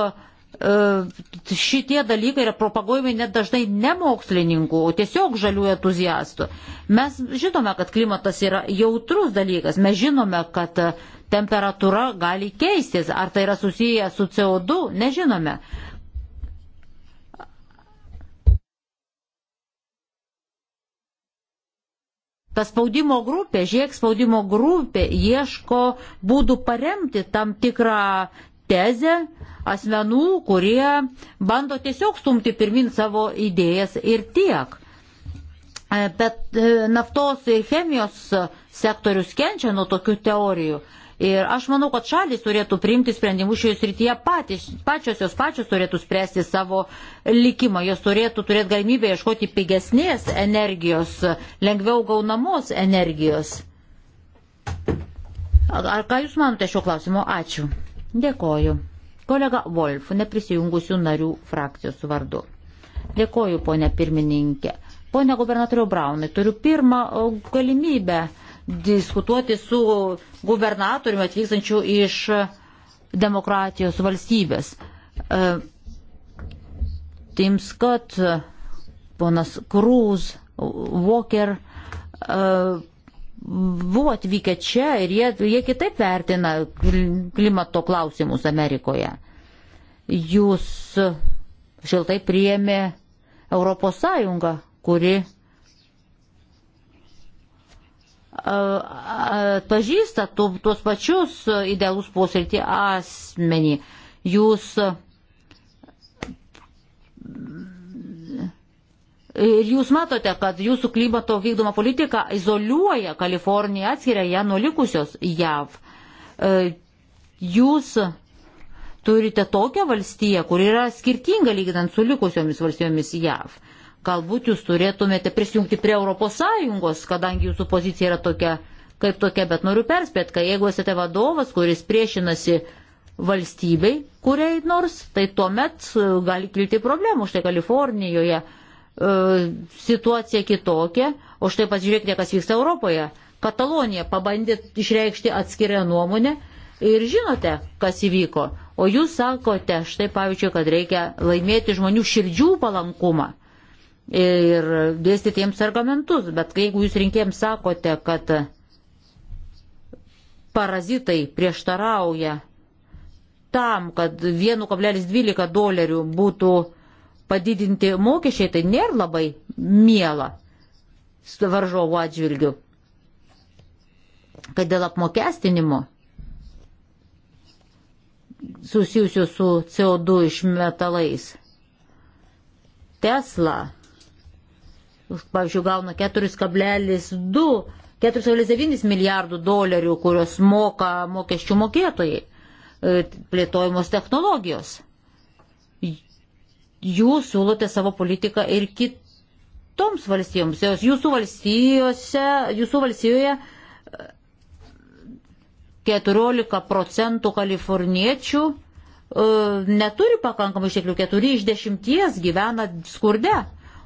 E, šitie dalykai yra propaguojami net dažnai ne mokslininkų, o tiesiog žalių entuziastų. Mes žinome, kad klimatas yra jautrus dalykas, mes žinome, kad temperatūra gali keistis, ar tai yra susiję su CO2, nežinome. Ta spaudimo grupė, žiek spaudimo grupė ieško būdų paremti tam tikrą tezę asmenų, kurie bando tiesiog stumti pirmin savo idėjas ir tiek. E, bet e, naftos ir chemijos sektorius kenčia nuo tokių teorijų. Ir aš manau, kad šalis turėtų priimti sprendimus šioje srityje patys, pačios jos pačios turėtų spręsti savo likimą, jos turėtų turėti galimybę ieškoti pigesnės energijos, lengviau gaunamos energijos. Ar ką Jūs manote šiuo klausimu? Ačiū. Dėkoju. Kolega Wolf, neprisijungusių narių frakcijos vardu. Dėkoju, ponė pirmininkė. Pone gubernatoriu Braunai, turiu pirmą galimybę diskutuoti su gubernatoriumi atvykstančiu iš demokratijos valstybės. E, tims, kad ponas Krūz, Walker e, buvo atvykę čia ir jie, jie kitaip vertina klimato klausimus Amerikoje. Jūs šiltai priėmė Europos Sąjungą, kuri pažįsta tu, tuos pačius idealus posėlį asmenį. Jūs Ir jūs matote, kad jūsų klimato vykdoma politika izoliuoja Kaliforniją, atskiria ją nuo likusios JAV. E, jūs turite tokią valstiją, kur yra skirtinga lyginant su likusiomis valstijomis JAV. Galbūt jūs turėtumėte prisijungti prie ES, kadangi jūsų pozicija yra tokia kaip tokia, bet noriu perspėti, kad jeigu esate vadovas, kuris priešinasi valstybei kuriai nors, tai tuomet gali kilti problemų. Štai Kalifornijoje uh, E, situacija kitokia, o štai pasižiūrėkite, kas vyksta Europoje. Katalonija pabandė išreikšti atskirę nuomonę ir žinote, kas įvyko. O jūs sakote, štai pavyzdžiui, kad reikia laimėti žmonių širdžių palankumą ir dėstyti jiems argumentus, bet jeigu jūs rinkėjams sakote, kad parazitai prieštarauja tam, kad 1,12 dolerių būtų uh, padidinti mokesčiai, tai nėra labai miela varžovų atžvilgių. Kad dėl apmokestinimo susijusių su CO2 išmetalais. Tesla, pavyzdžiui, gauna 4,2, 4,9 milijardų dolerių, kurios moka mokesčių mokėtojai e, plėtojimos technologijos jūs siūlote savo politiką ir kitoms valstijoms. Jūsų, jūsų valstijoje 14 e, procentų kaliforniečių e, neturi pakankamai išteklių, 4 iš 10 gyvena skurde,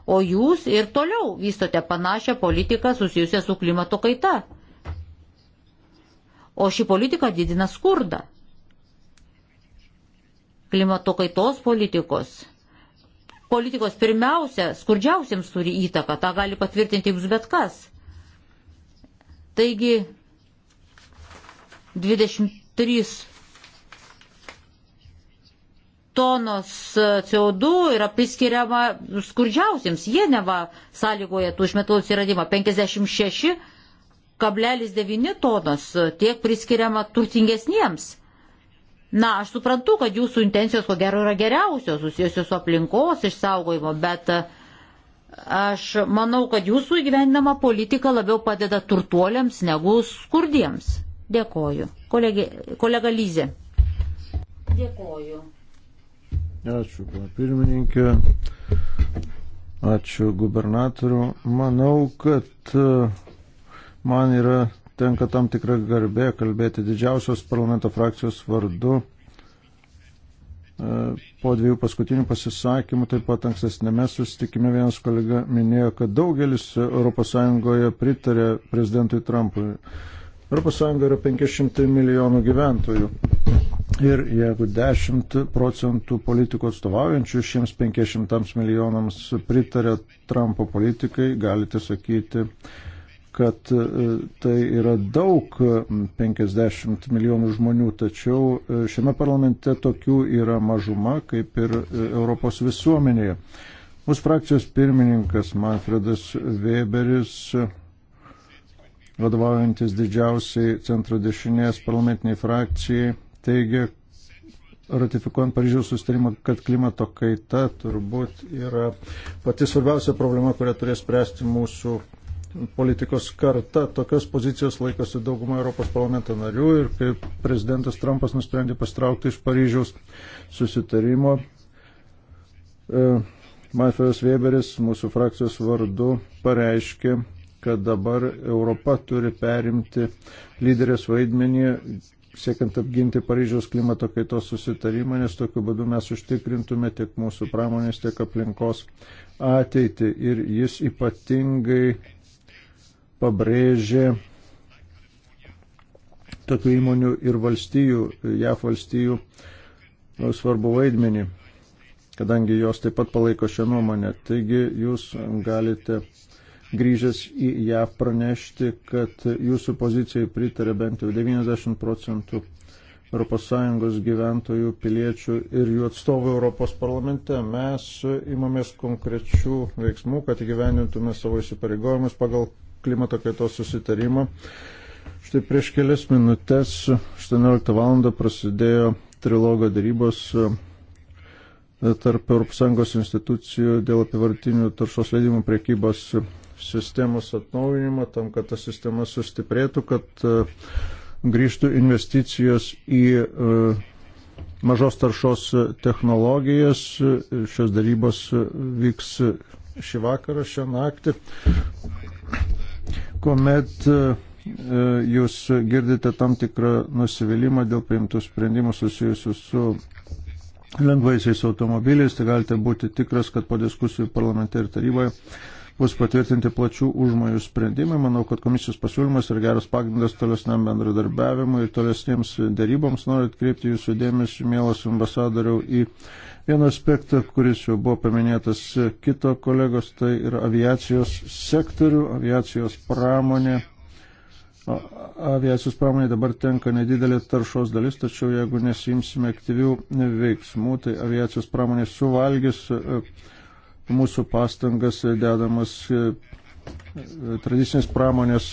o jūs ir toliau vystote panašią politiką susijusią su klimato kaita. O ši politika didina skurdą. Klimato kaitos politikos politikos pirmiausia skurdžiausiems turi įtaką, tą gali patvirtinti jums bet kas. Taigi 23 tonos CO2 yra priskiriama skurdžiausiems, jie neva sąlygoja tų išmetalų atsiradimą 56,9 tonos tiek priskiriama turtingesniems Na, aš suprantu, kad jūsų intencijos ko gero yra geriausios susijusios su aplinkos išsaugojimo, bet e, aš manau, kad jūsų įgyvendinama politika labiau padeda turtuoliams negu skurdiems. Dėkoju. Kolegė, kolega Lyzė. Dėkoju. Ačiū, pirmininkė. Ačiū gubernatoriu. Manau, kad e, man yra tenka tam tikra garbė kalbėti didžiausios parlamento frakcijos vardu e, po dviejų paskutinių pasisakymų, taip pat ankstesnėme susitikime vienas kolega minėjo, kad daugelis ES pritarė prezidentui Trumpui. ES yra 500 milijonų gyventojų. Ir jeigu 10 procentų politikų atstovaujančių šiems 500 milijonams pritarė Trumpo politikai, galite sakyti, kad e, tai yra daug 50 e, milijonų žmonių, tačiau e, šiame parlamente tokių yra mažuma, kaip ir Europos visuomenėje. Mūsų frakcijos pirmininkas Manfredas Weberis, vadovaujantis didžiausiai centro dešinės parlamentiniai frakcijai, teigia, ratifikuojant Paryžiaus sustarimą, kad klimato kaita turbūt yra pati svarbiausia problema, kurią turės spręsti mūsų politikos karta. Tokios pozicijos laikosi dauguma Europos parlamento narių ir kai prezidentas Trumpas nusprendė pastraukti iš Paryžiaus susitarimo, e, Manfredas Weberis mūsų frakcijos vardu pareiškė, kad dabar Europa turi perimti lyderės vaidmenį siekiant apginti Paryžiaus klimato kaitos susitarimą, nes tokiu būdu mes užtikrintume tiek mūsų pramonės, tiek aplinkos ateitį. Ir jis ypatingai pabrėžė tokių įmonių ir valstijų, JAF valstijų nu, svarbu vaidmenį, kadangi jos taip pat palaiko šią nuomonę. Taigi jūs galite grįžęs į JAF pranešti, kad jūsų pozicijai pritarė bent jau 90 procentų ES gyventojų, piliečių ir jų atstovų Europos parlamente. Mes imamės konkrečių veiksmų, kad įgyvendintume savo įsipareigojimus pagal klimato kaitos susitarimą. Štai prieš kelias minutės 18 val. prasidėjo trilogo darybos e, tarp ES institucijų dėl apivartinių taršos leidimų priekybos sistemos atnaujinimo, tam, kad ta sistema sustiprėtų, kad e, grįžtų investicijos į e, mažos taršos technologijas. Šios darybos vyks šį vakarą, šią naktį kuomet e, jūs girdite tam tikrą nusivylimą dėl priimtų sprendimų susijusių su lengvaisiais automobiliais, tai galite būti tikras, kad po diskusijų parlamente ir taryboje bus patvirtinti plačių užmojų sprendimai. Manau, kad komisijos pasiūlymas yra geras pagrindas tolesniam bendradarbiavimui ir tolesniems daryboms. Noriu atkreipti jūsų dėmesį, mielas ambasadoriau, į vieną aspektą, kuris jau buvo paminėtas kito kolegos, tai yra aviacijos sektorių, aviacijos pramonė. Aviacijos pramonė dabar tenka nedidelė taršos dalis, tačiau jeigu nesimsime aktyvių veiksmų, tai aviacijos pramonė suvalgys e, mūsų pastangas dedamas e, tradicinės pramonės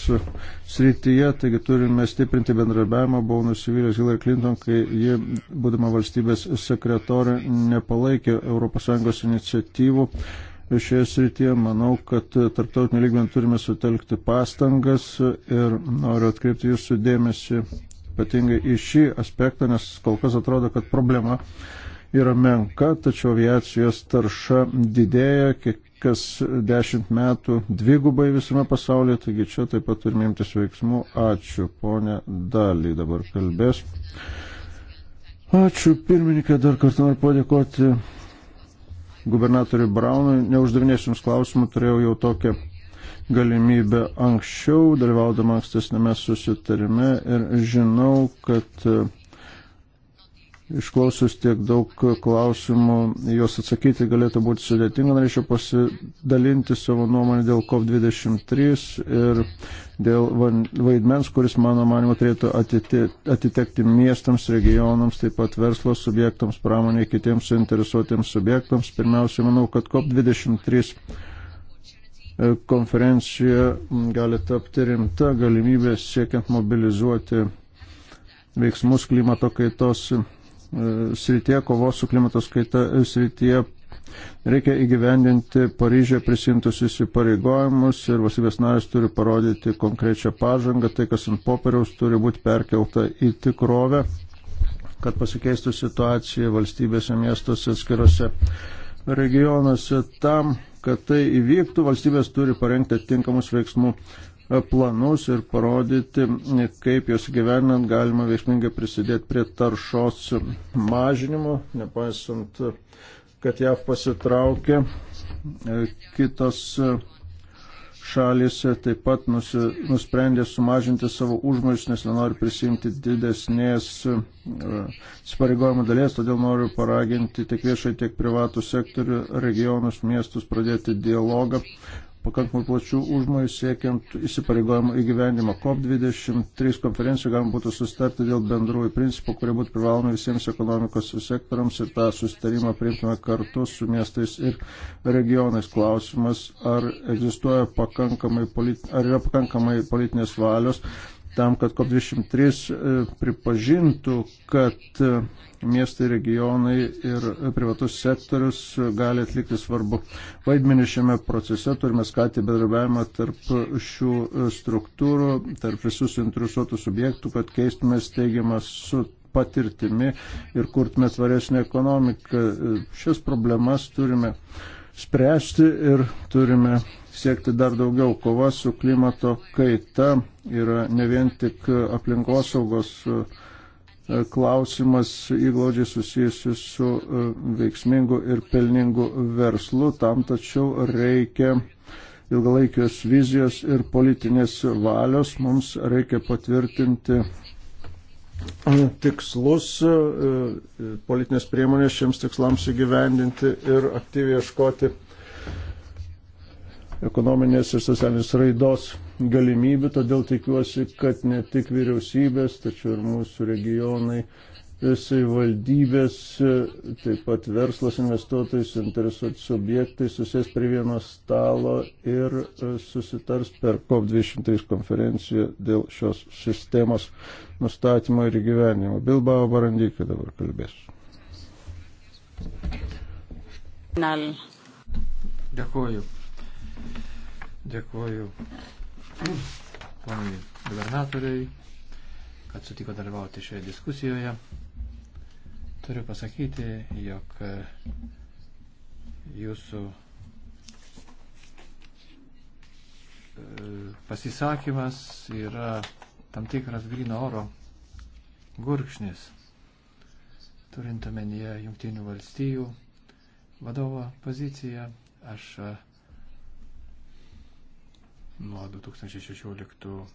srityje, taigi turime stiprinti bendradarbiavimą. Buvau nusivylęs Hillary Clinton, kai ji, būdama valstybės sekretorė, nepalaikė ES iniciatyvų šioje srityje. Manau, kad tarptautinių lygmenį turime sutelkti pastangas ir noriu atkreipti jūsų dėmesį ypatingai į šį aspektą, nes kol kas atrodo, kad problema yra menka, tačiau aviacijos tarša didėja, kiek kas dešimt metų dvigubai visame pasaulyje, taigi čia taip pat turime imtis veiksmų. Ačiū, ponė Dalį dabar kalbės. Ačiū, pirmininkė, dar kartą noriu padėkoti gubernatoriui Braunui. Neuždavinėsiu jums klausimų, turėjau jau tokią galimybę anksčiau, dalyvaudama ankstesnėme susitarime ir žinau, kad uh, Išklausus tiek daug klausimų, juos atsakyti galėtų būti sudėtinga. Norėčiau pasidalinti savo nuomonę dėl COP23 ir dėl vaidmens, kuris, mano manimo, turėtų atitekti miestams, regionams, taip pat verslo subjektams, pramoniai, kitiems suinteresuotiems subjektams. Pirmiausia, manau, kad COP23 konferencija gali tapti rimta galimybė siekiant mobilizuoti veiksmus klimato kaitos E, srityje, kovos su klimatos kaita e, srityje reikia įgyvendinti Paryžioje prisimtus įsipareigojimus ir valstybės narės turi parodyti konkrečią pažangą, tai kas ant popieriaus turi būti perkelta į tikrovę, kad pasikeistų situacija valstybėse, miestuose, atskirose regionuose. Tam, kad tai įvyktų, valstybės turi parengti atitinkamus veiksmų planus ir parodyti, kaip juos gyvenant galima veiksmingai prisidėti prie taršos mažinimo, nepaisant, kad JAV pasitraukė, kitos šalis taip pat nusi, nusprendė sumažinti savo užmojus, nes nenori prisimti didesnės e, spareigojimo dalies, todėl noriu paraginti tiek viešai, tiek privatų sektorių, regionus, miestus pradėti dialogą pakankamai plačių užmojų siekiant įsipareigojimų įgyvendimo. COP23 konferencijoje galima būtų sustarti dėl bendrųjų principų, kurie būtų privalomi visiems ekonomikos sektoriams ir tą sustarimą priimtume kartu su miestais ir regionais. Klausimas, ar, pakankamai politi... ar yra pakankamai politinės valios tam, kad COP23 e, pripažintų, kad e, miestai, regionai ir privatus sektorius gali atlikti svarbu vaidmenį šiame procese. Turime skatinti bedarbiavimą tarp šių struktūrų, tarp visų suinteresuotų subjektų, kad keistume steigiamą su patirtimi ir kurtume tvaresnį ekonomiką. Šias problemas turime spręsti ir turime siekti dar daugiau. Kova su klimato kaita yra ne vien tik aplinkosaugos saugos E, klausimas įglaudžiai susijusi su e, veiksmingu ir pelningu verslu, tam tačiau reikia ilgalaikios vizijos ir politinės valios, mums reikia patvirtinti e, tikslus, politinės priemonės šiems tikslams įgyvendinti ir aktyviai ieškoti ekonominės ir socialinės raidos galimybių, todėl tikiuosi, kad ne tik vyriausybės, tačiau ir mūsų regionai, savivaldybės, taip pat verslas, investuotojai, suinteresuoti subjektai susės prie vieno stalo ir e, susitars per COP23 konferenciją dėl šios sistemos nustatymo ir gyvenimo. Bilbao Barandykai dabar kalbės. Dėkuoju. Dėkuoju ponui gubernatoriui, kad sutiko dalyvauti šioje diskusijoje. Turiu pasakyti, jog e, jūsų e, pasisakymas yra tam tikras grino oro gurkšnis, turint omenyje jungtinių valstybių vadovo poziciją. Aš e, nuo 2016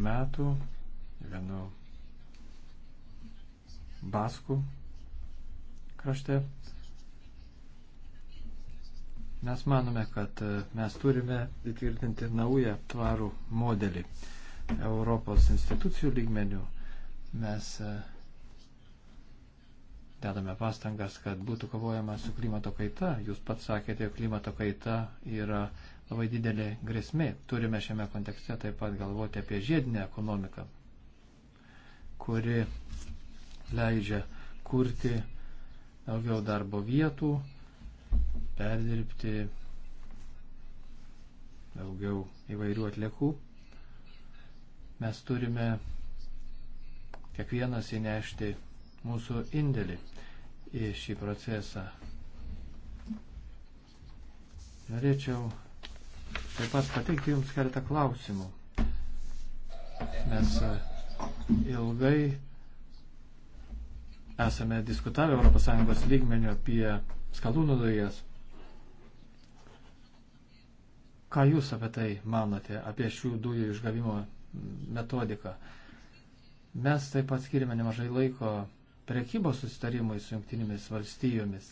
metų gyvenu Baskų krašte. Mes manome, kad e, mes turime įtvirtinti naują tvarų modelį Europos institucijų lygmenių. Mes uh, dedame pastangas, kad būtų kovojama su klimato kaita. Jūs pats sakėte, jog klimato kaita yra labai didelė grėsmė. Turime šiame kontekste taip pat galvoti apie žiedinę ekonomiką, kuri leidžia kurti daugiau darbo vietų, perdirbti daugiau įvairių atliekų. Mes turime kiekvienas įnešti mūsų indėlį į šį procesą. Norėčiau taip pat pateikti Jums keletą klausimų. Mes e, ilgai esame diskutavę ES lygmenių apie skalūnų dujas. Ką Jūs apie tai manote, apie šių dujų išgavimo metodiką? Mes taip pat skirime nemažai laiko prekybos sustarimai su jungtinėmis valstijomis.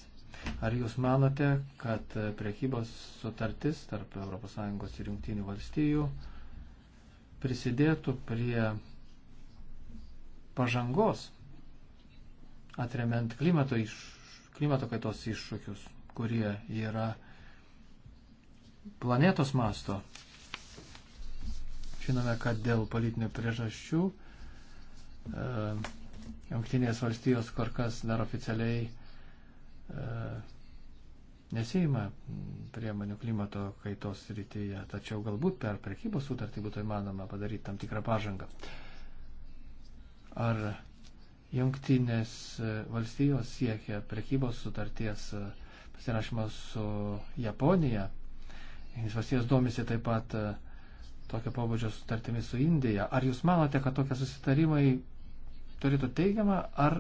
Ar jūs manote, kad prekybos sutartis tarp ES ir jungtinių valstijų prisidėtų prie pažangos, atremiant klimato, iš, klimato kaitos iššūkius, kurie yra planetos masto. Žinome, kad dėl politinių priežasčių e, Junktinės valstijos kur kas dar oficialiai e, nesima priemonių klimato kaitos rytyje, tačiau galbūt per prekybos sutartį būtų įmanoma padaryti tam tikrą pažangą. Ar Junktinės e, valstijos siekia prekybos sutarties e, pasirašymo su Japonija? Junktinės valstijos domisi taip pat e, tokio pobūdžio sutartimis su Indija. Ar jūs manote, kad tokie susitarimai turėtų teigiamą ar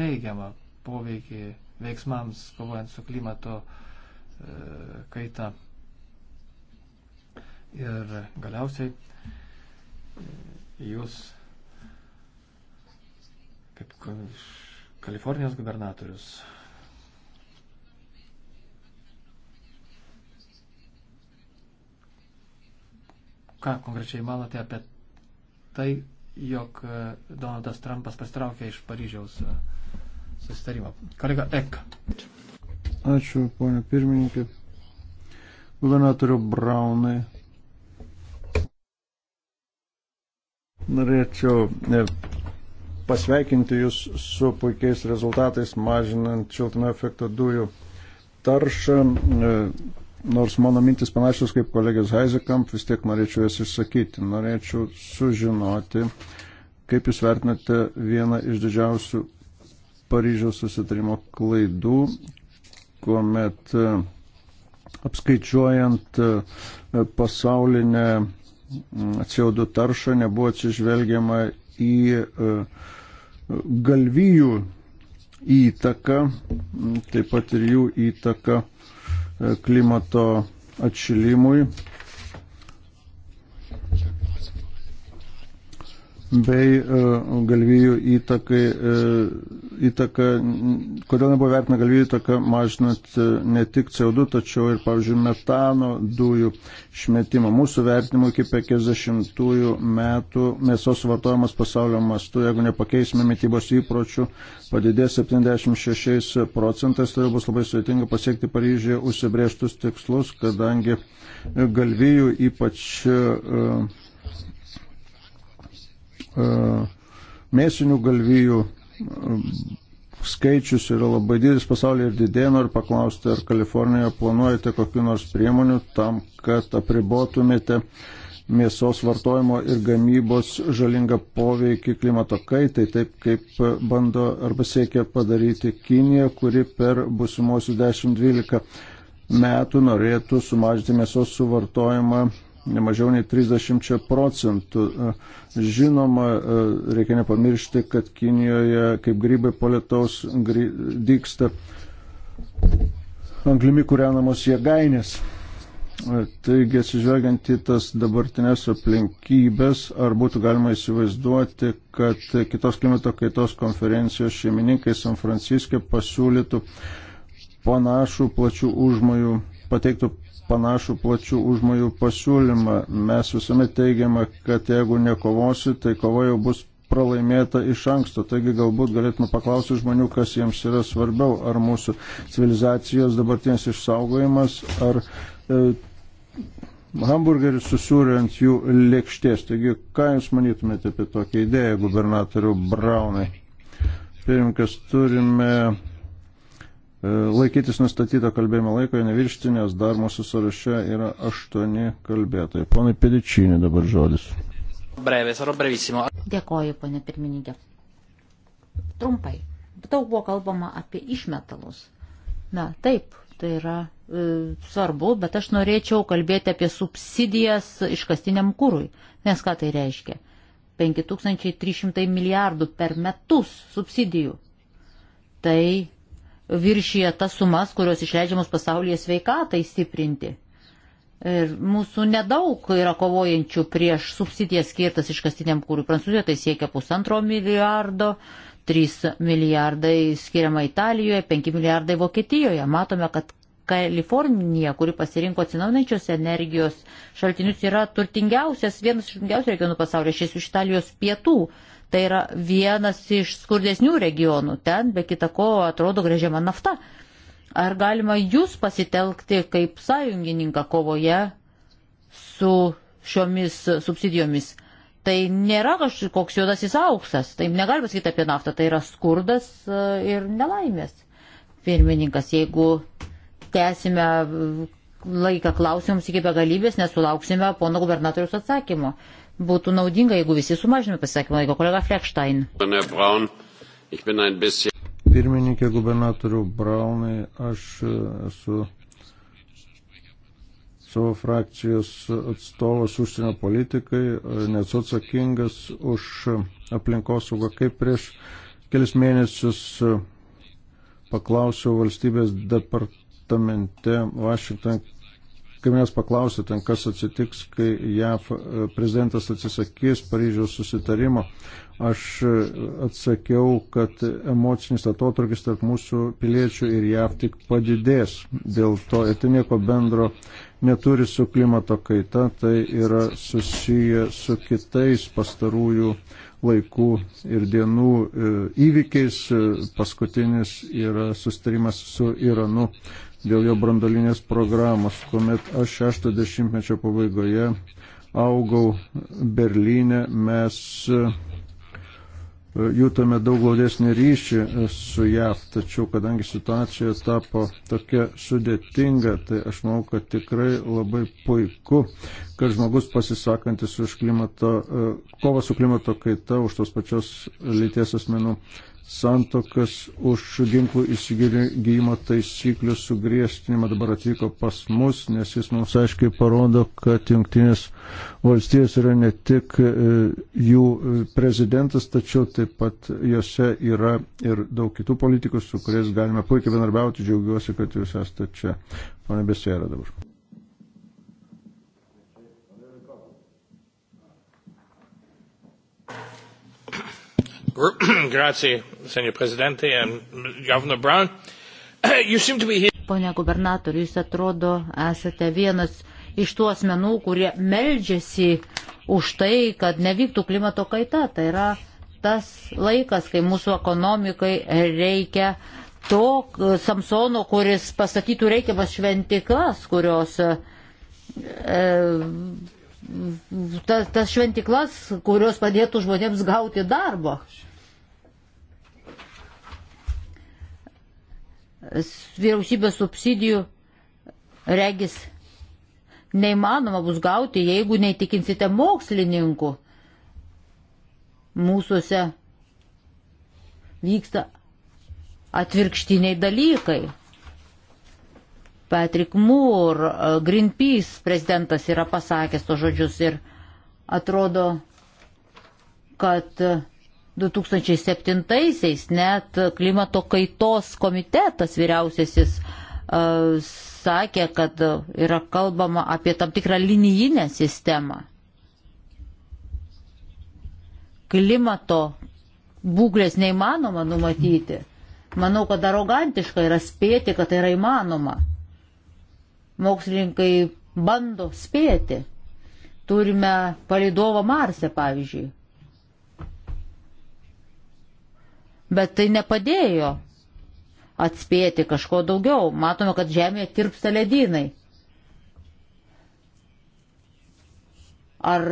neigiamą poveikį veiksmams kovojant su klimato e, kaita. Ir galiausiai e, jūs, kaip Kalifornijos gubernatorius, ką konkrečiai manote apie tai, jog e, Donaldas Trumpas pastraukė iš Paryžiaus e, susitarimo. Kolega Ek. Ačiū, ponė pirmininkė. Gubernatoriu Braunai. Norėčiau e, pasveikinti Jūs su puikiais rezultatais, mažinant šiltame efekto dujų taršą. Nors mano mintis panašios kaip kolegės Heizekamp, vis tiek norėčiau jas išsakyti. Norėčiau sužinoti, kaip jūs vertinate vieną iš didžiausių Paryžiaus susitarimo klaidų, kuomet e, apskaičiuojant e, pasaulinę mm, CO2 taršą nebuvo atsižvelgiama į e, galvijų įtaką, taip pat ir jų įtaką klimato atšilimui bei e, galvijų įtakai, e, įtaka, kodėl nebuvo vertina galvijų įtaka mažinant e, ne tik CO2, tačiau ir, pavyzdžiui, metano dujų išmetimą. Mūsų vertinimu iki 50 metų mėsos vartojimas pasaulio mastu, jeigu nepakeisime mytybos įpročių, padidės 76 procentais, tai bus labai sudėtinga pasiekti Paryžėje užsibrėžtus tikslus, kadangi galvijų ypač uh, E, mėsinių galvijų e, skaičius yra labai didelis pasaulyje ir didėja, noriu paklausti, ar Kalifornijoje planuojate kokiu nors priemonių tam, kad apribotumėte mėsos vartojimo ir gamybos žalingą poveikį klimato kaitai, taip kaip bando arba siekia padaryti Kinija, kuri per busimuosius 10-12 metų norėtų sumažinti mėsos suvartojimą nemažiau nei 30 procentų. Žinoma, reikia nepamiršti, kad Kinijoje kaip grybai po lietaus gry, dyksta anglimi kūrenamos jėgainės. Taigi, atsižvelgiant į tas dabartinės aplinkybės, ar būtų galima įsivaizduoti, kad kitos klimato kaitos konferencijos šeimininkai San Franciske pasiūlytų panašų plačių užmojų, pateiktų panašų plačių užmojų pasiūlymą. Mes visuomet teigiame, kad jeigu nekovosiu, tai kova jau bus pralaimėta iš anksto. Taigi galbūt galėtume paklausti žmonių, kas jiems yra svarbiau, ar mūsų civilizacijos dabartinis išsaugojimas, ar e, hamburgeris susiūriant jų lėkštės. Taigi, ką Jūs manytumėte apie tokią idėją, gubernatorių Braunai? Pirmkas, turime E, laikytis nustatyto kalbėjimo laiko, neviršti, nes dar mūsų sąraše yra aštuoni kalbėtojai. Ponai Pedičinį dabar žodis. Brevis, ar brevissimo. Dėkoju, ponė pirmininkė. Trumpai. Daug buvo kalbama apie išmetalus. Na, taip, tai yra e, svarbu, bet aš norėčiau kalbėti apie subsidijas iškastiniam kūrui. Nes ką tai reiškia? 5300 milijardų per metus subsidijų. Tai viršyje tas sumas, kurios išleidžiamos pasaulyje sveikatai stiprinti. Ir mūsų nedaug yra kovojančių prieš subsidijas skirtas iškastiniam kūrui. Prancūzijoje tai siekia pusantro milijardo, 3 milijardai skiriama Italijoje, 5 milijardai Vokietijoje. Matome, kad Kalifornija, kuri pasirinko atsinaujinančios energijos šaltinius, yra turtingiausias, vienas iš turtingiausių regionų pasaulyje, šis iš Italijos pietų. Tai yra vienas iš skurdesnių regionų. Ten, be kita ko, atrodo grežiama nafta. Ar galima jūs pasitelkti kaip sąjungininką kovoje su šiomis subsidijomis? Tai nėra kažkoks juodasis auksas, tai negalima sakyti apie naftą, tai yra skurdas e, ir nelaimės pirmininkas, jeigu tęsime laiką klausimams iki begalybės, nesulauksime pono gubernatorius atsakymo. Būtų naudinga, jeigu visi sumažinime pasisakymą laiko. Kolega Fleckstein. Pirmininkė gubernatorių Braunai, aš e, esu savo frakcijos atstovas užsienio politikai, e, nesu atsakingas už aplinkosaugą, kaip prieš kelis mėnesius e, paklausiau valstybės departamentą departamente Vašington, kai mes paklausė ten, kas atsitiks, kai JAV e, prezidentas atsisakys Paryžiaus susitarimo, aš e, atsakiau, kad emocinis atotrukis tarp mūsų piliečių ir JAV tik padidės. Dėl to ir tai nieko bendro neturi su klimato kaita, tai yra susiję su kitais pastarųjų laikų ir dienų e, įvykiais. Paskutinis yra sustarimas su Iranu dėl jo brandolinės programos, kuomet aš 60-mečio pabaigoje augau Berlyne, mes e, jūtame daug glaudesnį ryšį e, su JAV, tačiau kadangi situacija tapo tokia sudėtinga, tai aš manau, kad tikrai labai puiku, kad žmogus pasisakantis už klimato, e, kovą su klimato kaita, už tos pačios lyties asmenų santokas už ginklų įsigijimo taisyklių sugriežtinimą dabar atvyko pas mus, nes jis mums aiškiai parodo, kad jungtinės valstijos yra ne tik e, jų e, prezidentas, tačiau taip pat juose yra ir daug kitų politikų, su kuriais galime puikiai bendarbiauti. Džiaugiuosi, kad jūs esate čia. Pane Besėra dabar. Grazie, senior prezidentai, eh, Governor Brown. you seem to be here. Pone gubernatoriu, jūs atrodo esate vienas iš tų asmenų, kurie meldžiasi už tai, kad nevyktų klimato kaita. Tai yra tas laikas, kai mūsų ekonomikai reikia to Samsono, kuris pastatytų reikiamas šventiklas, kurios e, tas ta šventiklas, kurios padėtų žmonėms gauti darbą. vyriausybės subsidijų regis neįmanoma bus gauti, jeigu neįtikinsite mokslininkų. Mūsųse vyksta atvirkštiniai dalykai. Patrick Moore, Greenpeace prezidentas yra pasakęs to žodžius ir atrodo, kad 2007-aisiais net klimato kaitos komitetas vyriausiasis uh, sakė, kad yra kalbama apie tam tikrą linijinę sistemą. Klimato būklės neįmanoma numatyti. Manau, kad arogantiška yra spėti, kad tai yra įmanoma. Mokslininkai bando spėti. Turime palidovą Marse, pavyzdžiui. bet tai nepadėjo atspėti kažko daugiau. Matome, kad žemėje tirpsta ledynai. Ar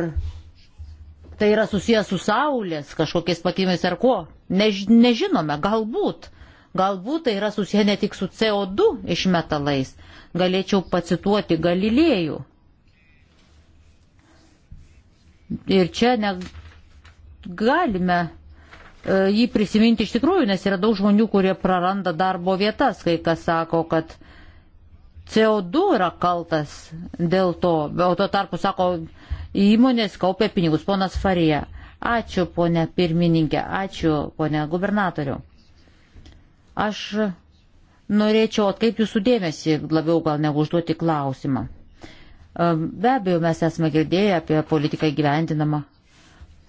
tai yra susijęs su Saulės kažkokiais pakimais ar kuo? Než, nežinome, galbūt. Galbūt tai yra susiję ne tik su CO2 išmetalais. Galėčiau pacituoti Galilėjų. Ir čia negalime E, jį prisiminti iš tikrųjų, nes yra daug žmonių, kurie praranda darbo vietas, kai kas sako, kad CO2 yra kaltas dėl to, o tuo tarpu sako, įmonės kaupia pinigus, ponas Farija. Ačiū, ponė pirmininkė, ačiū, ponė gubernatoriu. Aš norėčiau atkreipti jūsų dėmesį labiau gal negu užduoti klausimą. E, be abejo, mes esame girdėję apie politiką gyvendinamą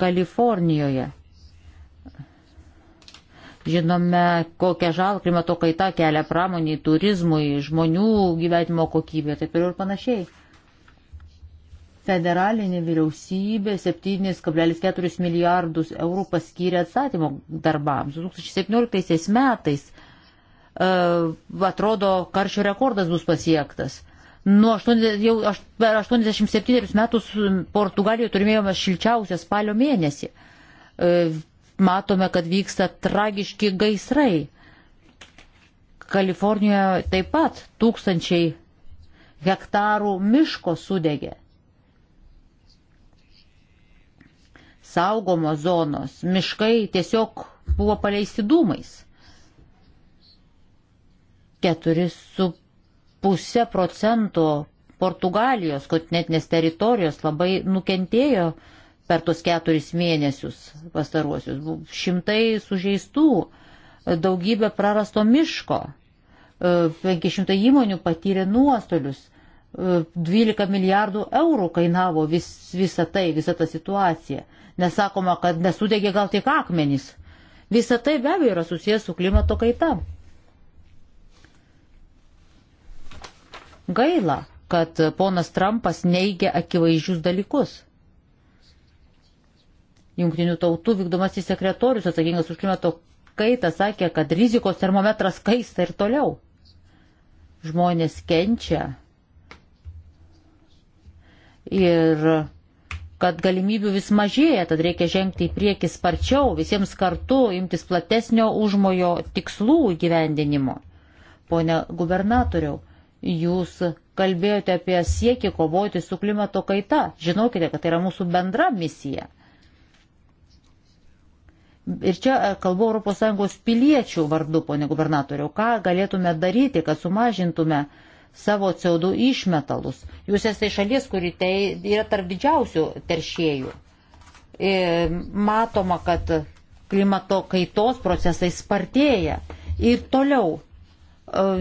Kalifornijoje. Žinome, kokią žalą klimato kaita kelia pramoniai, turizmui, žmonių gyvenimo kokybė, taip ir panašiai. Federalinė vyriausybė 7,4 milijardus eurų paskyrė atstatymo darbams. 2017 metais uh, atrodo karščio rekordas bus pasiektas. Nuo 80, jau aš, per 87 metus Portugalijoje turėjome šilčiausią spalio mėnesį. Uh, matome, kad vyksta tragiški gaisrai. Kalifornijoje taip pat tūkstančiai hektarų miško sudegė. Saugomos zonos, miškai tiesiog buvo paleisti dūmais. 4,5 procento Portugalijos kontinentinės teritorijos labai nukentėjo uh, per tuos keturis mėnesius pastaruosius. Šimtai sužeistų, daugybė prarasto miško, 500 e, įmonių patyrė nuostolius, 12 e, milijardų eurų kainavo vis, visa tai, visa ta situacija. Nesakoma, kad nesudegė gal tik akmenys. Visa tai be abejo yra susijęs su klimato kaita. Gaila, kad ponas Trumpas neigia akivaizdžius dalykus. Junktinių tautų vykdomasis sekretorius atsakingas už klimato kaitą sakė, kad rizikos termometras kaista ir toliau. Žmonės kenčia. Ir kad galimybių vis mažėja, tad reikia žengti į priekį sparčiau, visiems kartu imtis platesnio užmojo tikslų įgyvendinimo. Pone gubernatoriau, jūs kalbėjote apie siekį kovoti su klimato kaita. Žinokite, kad tai yra mūsų bendra misija. Ir čia e, kalbu ES piliečių vardu, ponė gubernatoriau, ką galėtume daryti, kad sumažintume savo CO2 išmetalus. Jūs esate šalies, kuri tai yra tarp didžiausių teršėjų. Ir e, matoma, kad klimato kaitos procesai spartėja ir toliau e,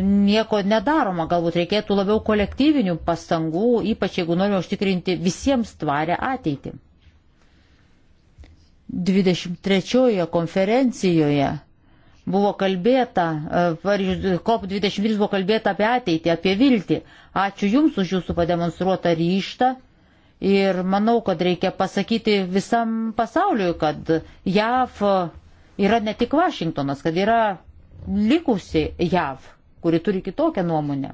nieko nedaroma, galbūt reikėtų labiau kolektyvinių pastangų, ypač jeigu norime užtikrinti visiems tvarę ateitį. 23 konferencijoje buvo kalbėta, e, COP23 buvo kalbėta apie ateitį, apie viltį. Ačiū Jums už Jūsų pademonstruotą ryštą ir manau, kad reikia pasakyti visam pasauliu, kad JAV yra ne tik Vašingtonas, kad yra likusi JAV, kuri turi kitokią nuomonę.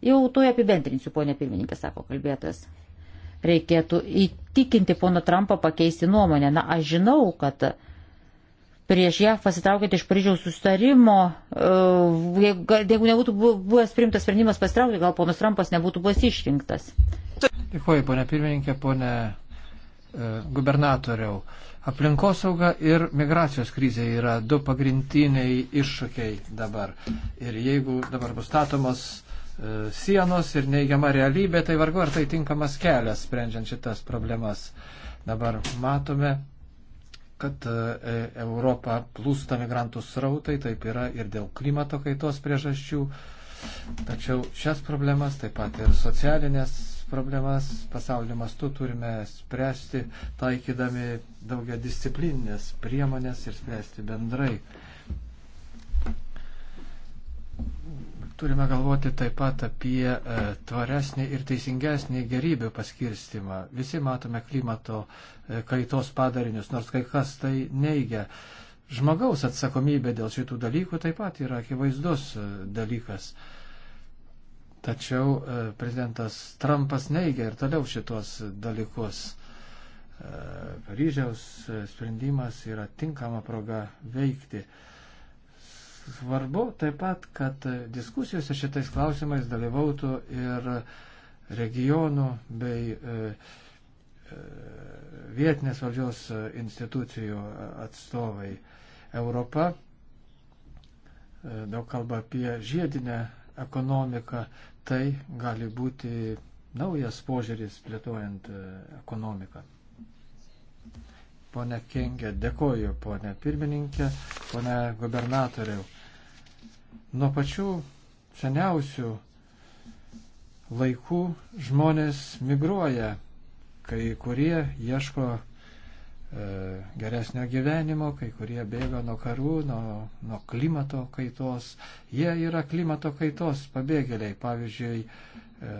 Jau tuoj apibendrinsiu, ponė pirmininkė, sako kalbėtojas reikėtų įtikinti pono Trumpo pakeisti nuomonę. Na, aš žinau, kad prieš ją pasitraukėte iš Paryžiaus sustarimo, e, jeigu nebūtų buvęs priimtas sprendimas pasitraukti, gal ponas Trumpas nebūtų buvęs išrinktas. Dėkuoju, ponė pirmininkė, ponė e, gubernatoriau. Aplinkosauga ir migracijos krizė yra du pagrindiniai iššūkiai dabar. Ir jeigu dabar bus statomas E, sienos ir neigiama realybė, tai vargu ar tai tinkamas kelias sprendžiant šitas problemas. Dabar matome, kad e, e, Europą plūsta migrantų srautai, taip yra ir dėl klimato kaitos priežasčių. Tačiau šias problemas, taip pat ir socialinės problemas pasaulio mastu turime spręsti, taikydami daugia disciplininės priemonės ir spręsti bendrai. Turime galvoti taip pat apie e, tvaresnį ir teisingesnį gerybių paskirstimą. Visi matome klimato e, kaitos padarinius, nors kai kas tai neigia. Žmogaus atsakomybė dėl šitų dalykų taip pat yra akivaizdus e, dalykas. Tačiau prezidentas Trumpas neigia ir toliau šitos dalykus. Paryžiaus sprendimas yra tinkama proga veikti. Svarbu taip pat, kad diskusijose šitais klausimais dalyvautų ir regionų bei e, e, vietinės valdžios institucijų atstovai. Europa e, daug kalba apie žiedinę ekonomiką, tai gali būti naujas požiūris plėtojant ekonomiką. Pone Kengė, dėkoju, pone pirmininkė, pone gubernatoriau. Nuo pačių seniausių laikų žmonės migruoja, kai kurie ieško e, geresnio gyvenimo, kai kurie bėga nuo karų, nuo, nuo klimato kaitos. Jie yra klimato kaitos pabėgėliai, pavyzdžiui, e,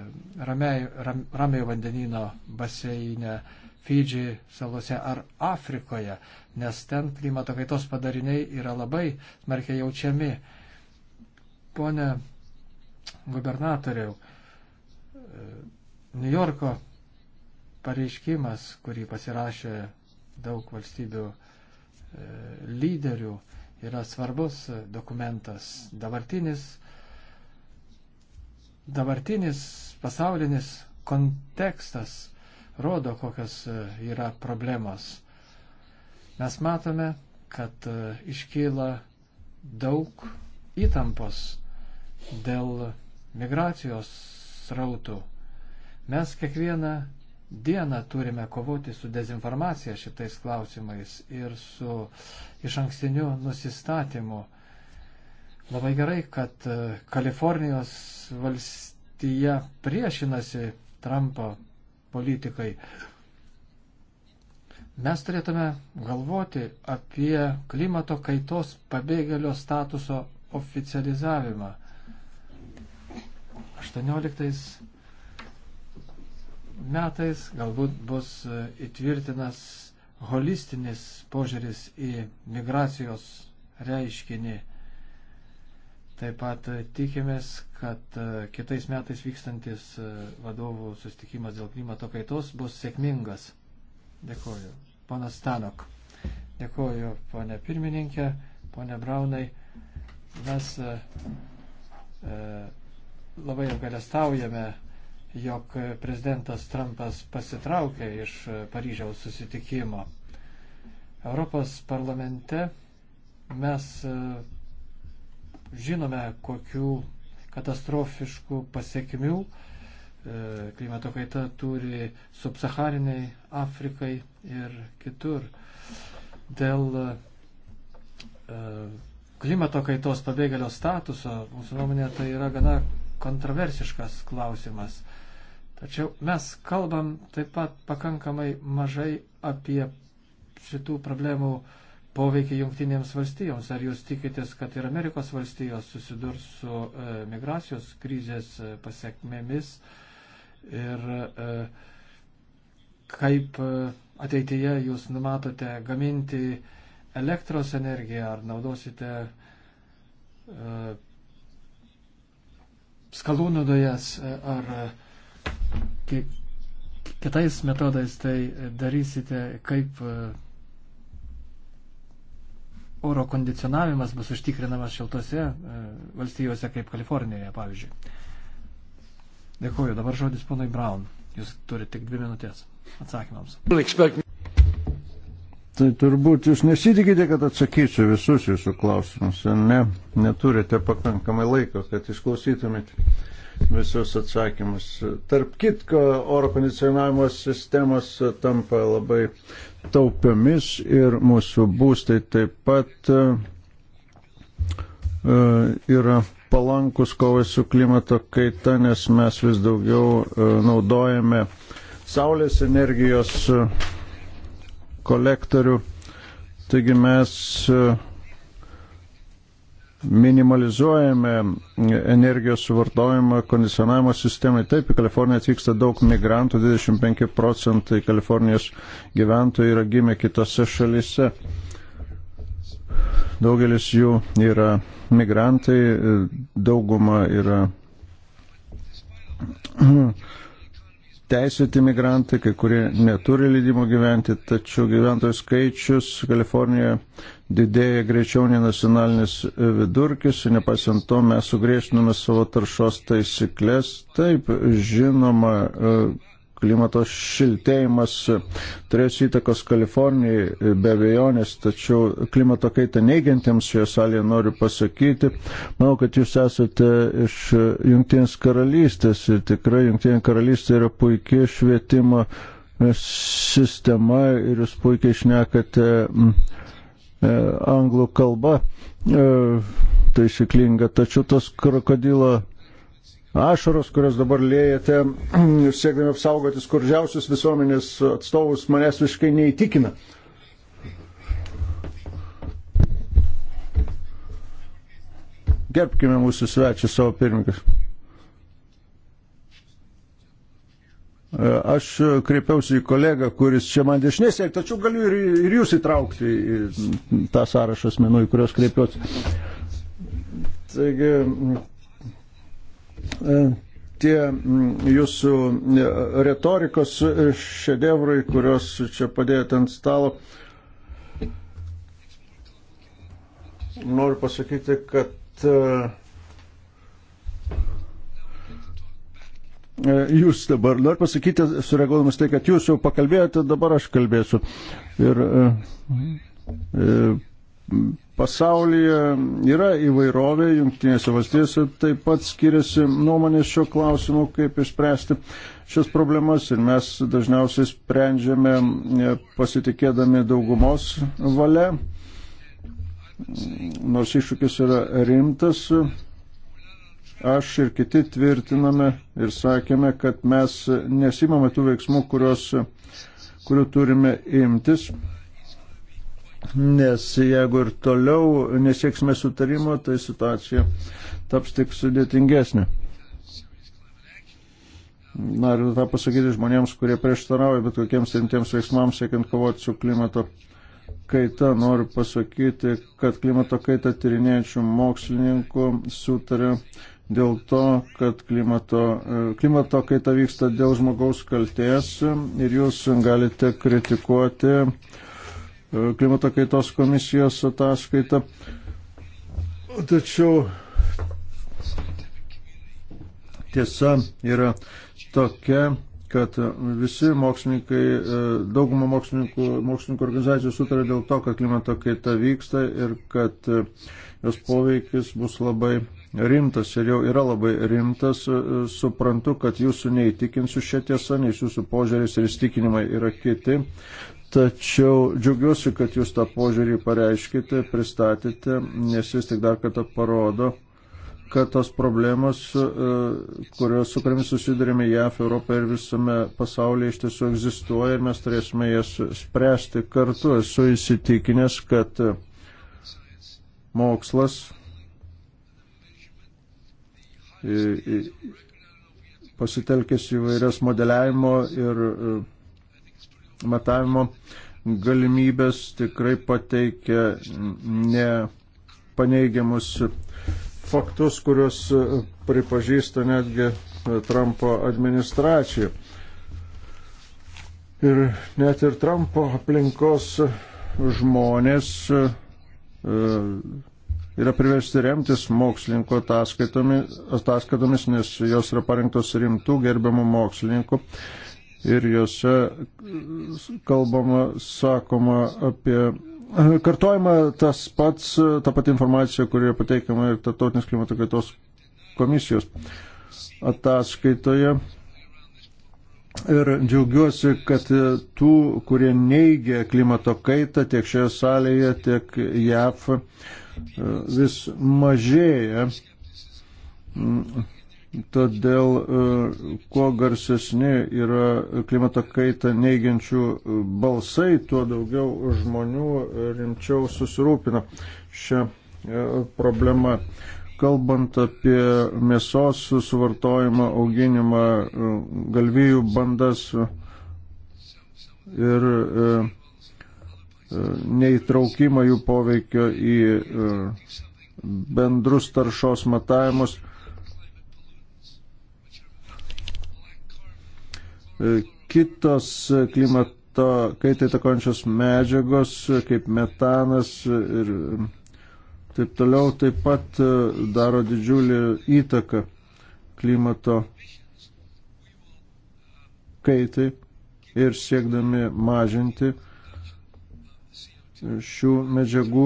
ramiai, ram, ramiai vandenino baseinė. Fidži salose ar Afrikoje, nes ten klimato kaitos padariniai yra labai smarkiai jaučiami. E, Pone gubernatoriau, New Yorko pareiškimas, kurį pasirašė daug valstybių e, lyderių, yra svarbus dokumentas. Dabartinis, dabartinis pasaulinis kontekstas rodo, kokios e, yra problemos. Mes matome, kad e, iškyla daug įtampos dėl migracijos srautų. Mes kiekvieną dieną turime kovoti su dezinformacija šitais klausimais ir su iš ankstiniu nusistatymu. Labai gerai, kad e, Kalifornijos valstija priešinasi Trumpo politikai. Mes turėtume galvoti apie klimato kaitos pabėgėlio statuso oficializavimą. 18 metais galbūt bus e, įtvirtinas holistinis požiūris į migracijos reiškinį. Taip pat e, tikimės, kad e, kitais metais vykstantis vadovų sustikimas dėl klimato kaitos bus sėkmingas. Dėkoju. Ponas Stanok. Dėkoju, ponė pirmininkė, ponė Braunai. Mes e, labai apgalestaujame, jog prezidentas Trumpas pasitraukė iš Paryžiaus susitikimo. Europos parlamente mes e, žinome, kokių katastrofiškų pasiekmių e, klimato kaita turi subsahariniai Afrikai ir kitur. Dėl e, klimato kaitos pabėgėlio statuso, mūsų nuomonė, tai yra gana kontroversiškas klausimas. Tačiau mes kalbam taip pat pakankamai mažai apie šitų problemų poveikį jungtinėms valstijoms. Ar jūs tikitės, kad ir Amerikos valstijos susidurs su e, migracijos krizės e, pasiekmėmis ir e, kaip e, ateityje jūs numatote gaminti elektros energiją ar naudosite e, skalūnų dujas e, ar e, kitais metodais tai darysite, kaip e, oro kondicionavimas bus užtikrinamas šiltose valstijose kaip Kalifornijoje, pavyzdžiui. Dėkuoju, dabar žodis ponui Brown. Jūs turite tik dvi minutės atsakymams. Tai turbūt jūs nesitikite, kad atsakysiu visus jūsų klausimus, ar ne? Neturite pakankamai laiko, kad išklausytumėte visus atsakymus. Tarp kitko, oro kondicionavimo sistemos tampa labai taupiomis ir mūsų būstai taip pat e, e yra palankus kovai su klimato kaita, nes mes vis daugiau e, naudojame saulės energijos. E, kolektorių. Taigi mes e, minimalizuojame energijos suvartojimą kondicionavimo sistemai. Taip, į Kaliforniją atvyksta daug migrantų, 25 procentai Kalifornijos gyventojų yra gimę kitose šalise. Daugelis jų yra migrantai, dauguma yra teisėti migrantai, kai kurie neturi leidimo gyventi, tačiau gyventojų skaičius Kalifornijoje didėja greičiau nei nacionalinis vidurkis, nepaisant to mes sugriežtiname savo taršos taisyklės. Taip, žinoma, klimato šiltėjimas turės įtakos Kalifornijai be abejonės, tačiau klimato kaitą neigiantiems šioje salėje noriu pasakyti, manau, kad jūs esate iš Junktinės karalystės ir tikrai Junktinė karalystė yra puikia švietimo sistema ir jūs puikiai išnekate mm, e, anglų kalba e, taisyklinga, tačiau tas krokodilo ašaros, kurias dabar lėjate, siekdami apsaugoti skurdžiausius visuomenės atstovus, manęs visiškai neįtikina. Gerbkime mūsų svečią savo pirmininkas. Aš kreipiausi į kolegą, kuris čia man dešinės, tačiau galiu ir, ir jūs įtraukti į tą sąrašą asmenų, į kuriuos kreipiuosi. Taigi, E, tie jūsų e, retorikos šedevrai, kurios čia padėjote ant stalo. Noriu pasakyti, kad e, jūs dabar, noriu pasakyti, sureaguodamas tai, kad jūs jau pakalbėjote, dabar aš kalbėsiu. Ir, ir pasaulyje yra įvairovė, jungtinėse valstijose taip pat skiriasi nuomonės šio klausimu, kaip išspręsti šias problemas ir mes dažniausiai sprendžiame e, pasitikėdami daugumos valia, nors iššūkis yra rimtas. Aš ir kiti tvirtiname ir sakėme, kad mes nesimame tų veiksmų, kurios, kurių turime imtis nes jeigu ir toliau nesieksime sutarimo, tai situacija taps tik sudėtingesnė. Noriu tą pasakyti žmonėms, kurie prieštarauja bet kokiems rimtiems veiksmams, siekiant kovoti su klimato kaita. Noriu pasakyti, kad klimato kaita tyrinėjančių mokslininkų sutarė dėl to, kad klimato, e, klimato kaita vyksta dėl žmogaus kalties ir jūs galite kritikuoti uh, klimato kaitos komisijos ataskaita. Tačiau tiesa yra tokia, kad visi mokslininkai, e, dauguma mokslininkų, mokslininkų organizacijų sutarė dėl to, kad klimato kaita vyksta ir kad e, jos poveikis bus labai rimtas ir jau yra labai rimtas. E, suprantu, kad jūsų neįtikinsiu šią tiesą, nes jūsų požiūris ir įstikinimai yra kiti. Tačiau džiaugiuosi, kad jūs tą požiūrį pareiškite, pristatėte, nes vis tik dar kartą parodo, kad tos problemos, e, kurios, su kuriamis susidurime JAF, Europoje ir visame pasaulyje iš tiesų egzistuoja ir mes turėsime jas spręsti kartu. Esu įsitikinęs, kad mokslas pasitelkęs įvairias modeliavimo ir e, matavimo galimybės tikrai pateikia nepaneigiamus faktus, kuriuos pripažįsta netgi Trumpo administracija. Ir net ir Trumpo aplinkos žmonės e, yra priversti remtis mokslininko ataskaitomis, ataskaitomis, nes jos yra parinktos rimtų gerbiamų mokslininkų ir juose kalbama, sakoma apie, kartojama tas pats, ta pati informacija, kurioje pateikiama ir tarptautinės klimato kaitos komisijos ataskaitoje. Ir džiaugiuosi, kad tų, kurie neigia klimato kaitą tiek šioje salėje, tiek JAF, vis mažėja. Todėl e, kuo garsesni yra klimato kaitą neigiančių balsai, tuo daugiau žmonių rimčiau susirūpina šią e, problemą. Kalbant apie mėsos suvartojimą, auginimą, e, galvijų bandas ir neįtraukimą jų poveikio į bendrus taršos matavimus E, kitos e, klimato kaitai takončios medžiagos, e, kaip metanas ir taip toliau, taip pat daro didžiulį įtaką klimato kaitai ir siekdami mažinti šių medžiagų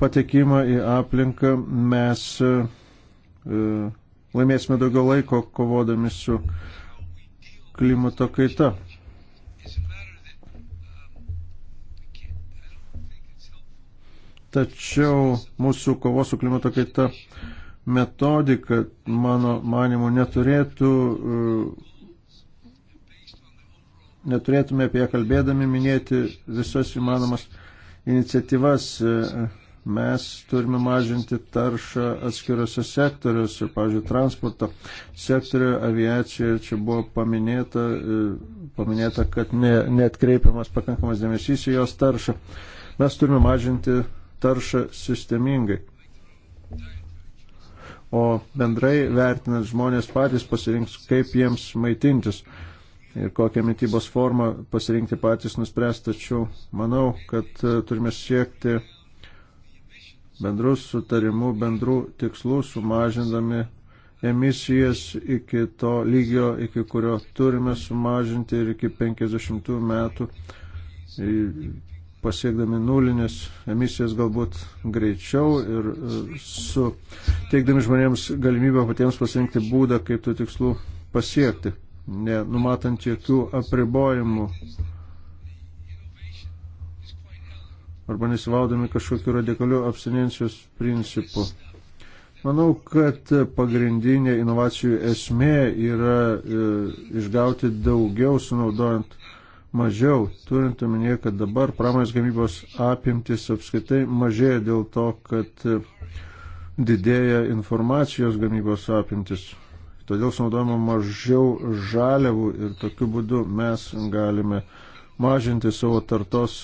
patekimą į aplinką mes laimėsime daugiau laiko kovodami su klimato kaita. Tačiau mūsų kovos su klimato kaita metodika, mano manimu, neturėtų, e, neturėtume apie ją kalbėdami minėti visas įmanomas iniciatyvas e, mes turime mažinti taršą atskirose sektoriuose, pavyzdžiui, transporto sektoriuje, aviacijoje, čia buvo paminėta, e, paminėta kad ne, netkreipiamas pakankamas dėmesys į jos taršą. Mes turime mažinti taršą sistemingai. O bendrai vertinant žmonės patys pasirinks, kaip jiems maitintis ir kokią mytybos formą pasirinkti patys nuspręs, tačiau manau, kad e, turime siekti bendrus sutarimų, bendrų tikslų, sumažindami emisijas iki to lygio, iki kurio turime sumažinti ir iki 50 metų pasiekdami nulinės emisijas galbūt greičiau ir e, su teikdami žmonėms galimybę patiems pasirinkti būdą, kaip tų tikslų pasiekti, nenumatant jokių apribojimų arba nesivaudami kažkokiu radikaliu abstinencijos principu. Manau, kad pagrindinė inovacijų esmė yra e, išgauti daugiau, sunaudojant mažiau, turint omenyje, kad dabar pramonės gamybos apimtis apskaitai mažėja dėl to, kad e, didėja informacijos gamybos apimtis. Todėl sunaudojama mažiau žaliavų ir tokiu būdu mes galime uh, mažinti savo tartos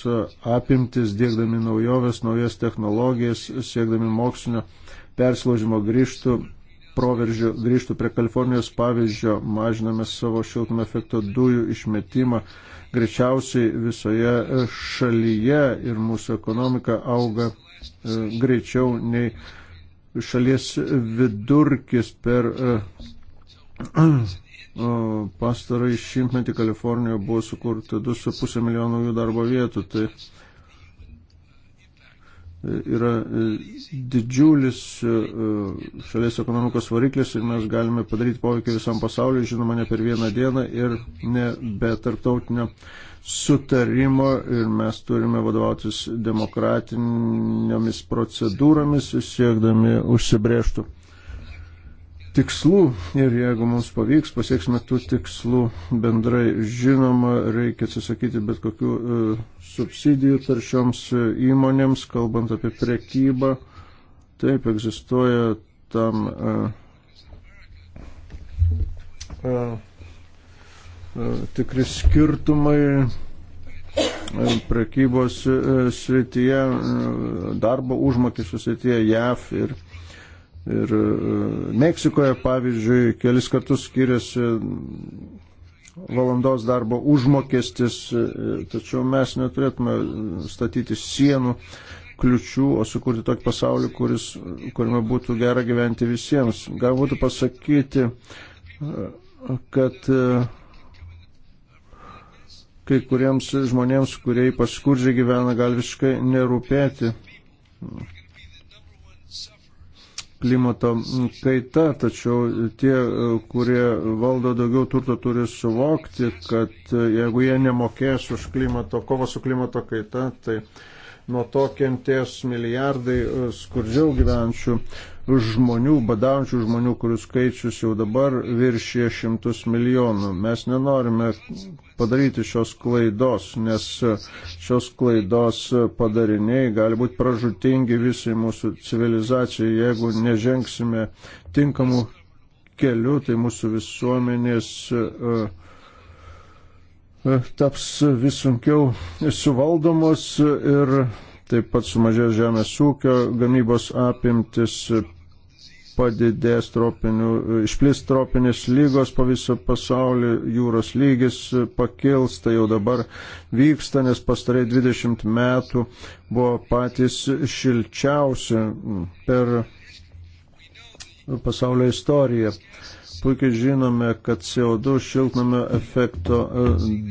apimtis, dėkdami naujoves, naujas technologijas, siekdami mokslinio persilaužimo grįžtų, proveržio grįžtų prie Kalifornijos pavyzdžio, mažiname savo šiltnamio efekto dujų išmetimą greičiausiai visoje šalyje ir mūsų ekonomika auga e, greičiau nei šalies vidurkis per e, pastarąjį šimtmetį Kalifornijoje buvo sukurta 2,5 milijonų jų darbo vietų. Tai e, yra e, didžiulis e, šalies ekonomikos variklis ir mes galime padaryti poveikį visam pasauliu, žinoma, ne per vieną dieną ir ne be tarptautinio sutarimo ir mes turime vadovautis demokratinėmis procedūromis, siekdami užsibrėžtų tikslų ir jeigu mums pavyks, pasieksime tų tikslų bendrai. Žinoma, reikia atsisakyti bet kokių e, subsidijų taršioms e, įmonėms, kalbant apie prekybą. Taip egzistuoja tam e, e, e tikri skirtumai e, prekybos srityje, darbo užmokesčio srityje JAF ir Ir e, Meksikoje, pavyzdžiui, kelis kartus skiriasi valandos darbo užmokestis, e, tačiau mes neturėtume statyti sienų, kliučių, o sukurti tokį pasaulį, kuris, kuriame būtų gera gyventi visiems. Gal būtų pasakyti, e, kad kai kuriems žmonėms, kurie ypač skurdžiai gyvena, gal visiškai nerūpėti klimato kaita, tačiau tie, kurie valdo daugiau turto, turi suvokti, kad jeigu jie nemokės už klimato, kovą su klimato kaita, tai nuo to kenties milijardai e, skurdžiau gyvenčių žmonių, badaujančių žmonių, kurių skaičius jau dabar viršė šimtus milijonų. Mes nenorime padaryti šios klaidos, nes e, šios klaidos e, padariniai gali būti pražutingi visai mūsų civilizacijai, jeigu nežengsime tinkamų kelių, tai mūsų visuomenės uh, E, taps vis sunkiau suvaldomos ir taip pat sumažės žemės ūkio gamybos apimtis, padidės tropinių, išplis tropinės lygos po visą pasaulį, jūros lygis pakils, tai jau dabar vyksta, nes pastarai 20 metų buvo patys šilčiausi per pasaulio istoriją puikiai žinome, kad CO2 šiltnamio efekto e,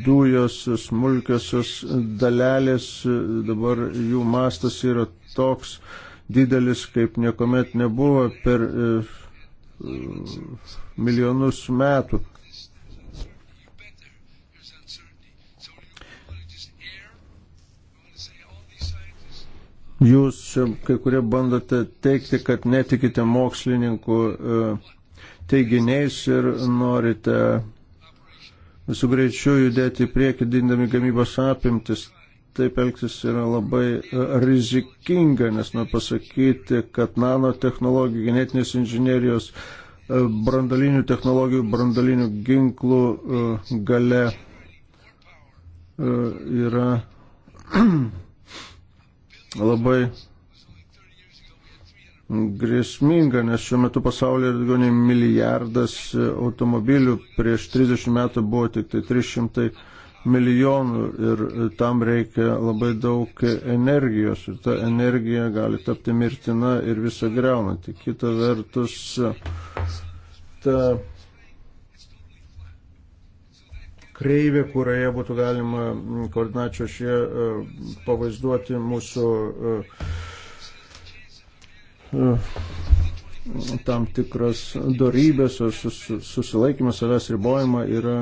dujos, smulkiosios dalelės, e, dabar jų mastas yra toks didelis, kaip niekuomet nebuvo per e, milijonus metų. Jūs kai kurie bandote teikti, kad netikite mokslininkų teiginiais ir norite visų greičių judėti į priekį, dindami gamybos apimtis. Taip elgtis yra labai e, rizikinga, nes nu pasakyti, kad nanotehnologijų, genetinės inžinierijos, e, brandalinių technologijų, brandalinių ginklų e, gale yra labai grėsminga, nes šiuo metu pasaulyje daugiau nei milijardas e, automobilių, prieš 30 metų buvo tik tai 300 milijonų ir e, tam reikia labai daug energijos ir ta energija gali tapti mirtina ir visą greunanti. Kita vertus, e, ta kreivė, kurioje būtų galima koordinačio šie pavaizduoti mūsų uh, E, tam tikras darybės, susilaikymas savęs ribojimą yra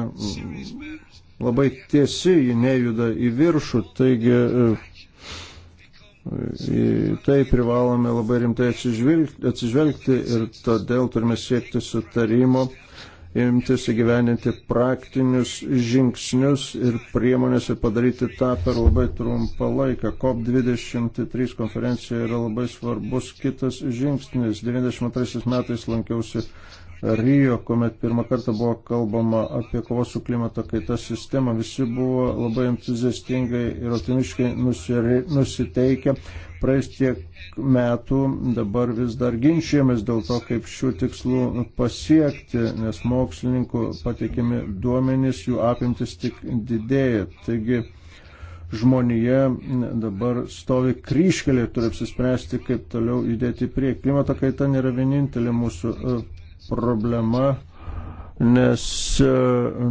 labai tiesi, ji nejuda į viršų, taigi e, į tai privalome labai rimtai atsižvelgti ir todėl turime siekti sutarimo imtis įgyveninti praktinius žingsnius ir priemonės ir padaryti tą per labai trumpą laiką. COP23 konferencija yra labai svarbus kitas žingsnis. 92 metais lankiausi Rijo, kuomet pirmą kartą buvo kalbama apie kovos su klimato kaita sistemą, visi buvo labai entuziastingai ir optimiškai nusiteikę. Praeis tiek metų dabar vis dar ginčiamės dėl to, kaip šių tikslų pasiekti, nes mokslininkų pateikiami duomenys, jų apimtis tik didėja. Taigi, žmonija dabar stovi kryškelė ir turi apsispręsti, kaip toliau judėti į priekį. Klimato kaita nėra vienintelė mūsų problema, nes e,